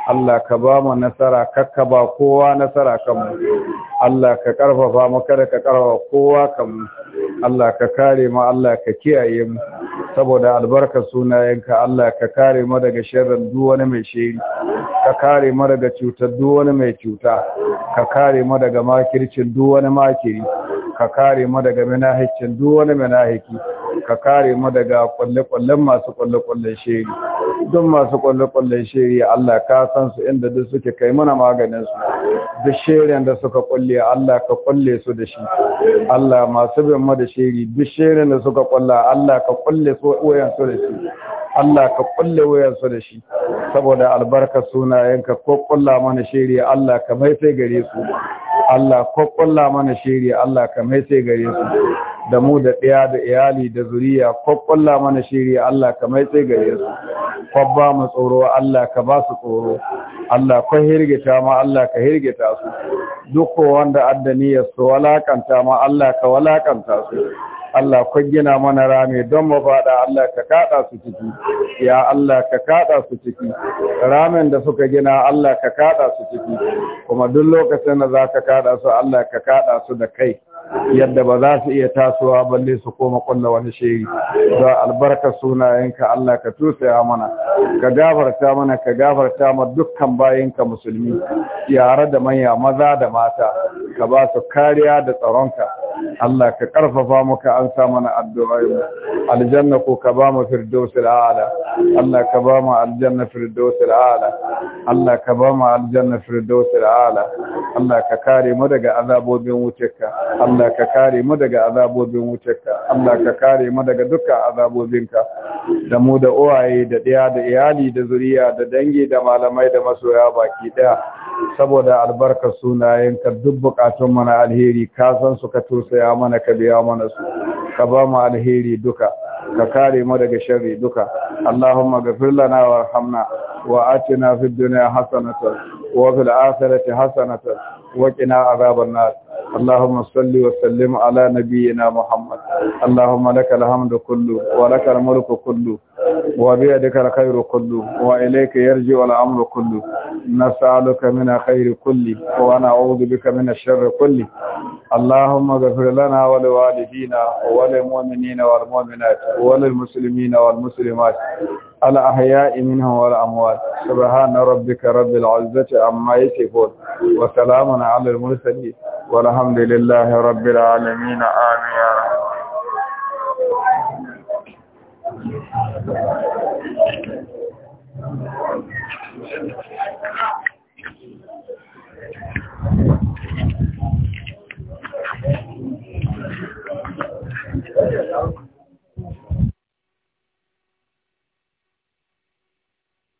S1: Allah ka ba mu nasara kakka ba kowa nasara kan mu Allah ka karfafa mu kada ka karfafa kowa kan mu Allah ka kare mu Allah ka kiyaye mu saboda albarkar sunayenka Allah ka kare mu daga sharrin duk wani mai shiri ka kare mu daga cutar duk wani mai cuta ka kare mu daga makircin duk wani makiri ka kare mu daga minahicin duk wani minahiki ka kare mu daga kwalle-kwallen masu kwalle-kwallen shiri duk masu kwalle-kwallen shiri Allah ka san su inda duk suke kai mana maganin su duk shirin da suka kulle Allah ka kulle su da shi Allah masu bin mu da sheri duk sheri da suka kulla Allah ka kulle wayan su da shi Allah ka kulle wayan su da shi saboda albarka yanka ko kulla mana shiri Allah ka mai sai gare su Allah ko kulla mana shiri Allah ka mai sai gare su da mu da ɗaya da iyali da zuriya ko kulla mana shiri Allah ka mai sai gare su ko ba mu tsoro Allah ka ba su tsoro Allah ka hirgita ma Allah ka hirgita su duk wanda ya su walakanta ma Allah ka walakanta su Allah ka gina mana rami don mu fada Allah ka kaɗa su ciki ya Allah ka kaɗa su ciki Ramin da suka gina Allah ka kaɗa su ciki kuma duk lokacin da za ka kaɗa su Allah ka kaɗa su da kai yadda ba za su iya tasowa balle su koma kulla wani shiri da albarka sunayenka Allah ka tusaya mana ka gafarta mana ka gafarta ma dukkan bayinka musulmi yare da manya maza da mata ka ba su kariya da tsaronka Allah ka karfafa muka an sa mana mu. aljanna ko ka ba mu firdausul a'la Allah ka ba mu aljanna firdausul a'la Allah ka ba mu aljanna firdausul a'la Allah ka kare mu daga azabobin wutarka Allah ka kare mu daga azabobin wutarka Allah ka kare mu daga dukkan azabobinka da mu da uwaye da ɗaya da iyali da zuriya da dangi da malamai da masoya baki ɗaya saboda albarkar sunayenka duk bukatun mana alheri ka san su ka tursaya mana ka biya mana su ka ba mu alheri duka ka kare mu daga sharri duka Allahumma ghfir lana warhamna wa atina fid dunya hasanatan wa fil akhirati hasanatan wa qina adhaban nar اللهم صل وسلم على نبينا محمد اللهم لك الحمد كله ولك الملك كله وبيدك الخير كله وإليك يرجع الأمر كله نسألك من خير كله ونعوذ بك من الشر كله اللهم اغفر لنا ولوالدينا وللمؤمنين والمؤمنات وللمسلمين والمسلمات الأحياء منهم والأموات سبحان ربك رب العزة عما يصفون وسلام على المرسلين والحمد لله رب العالمين آمين
S3: Thank you.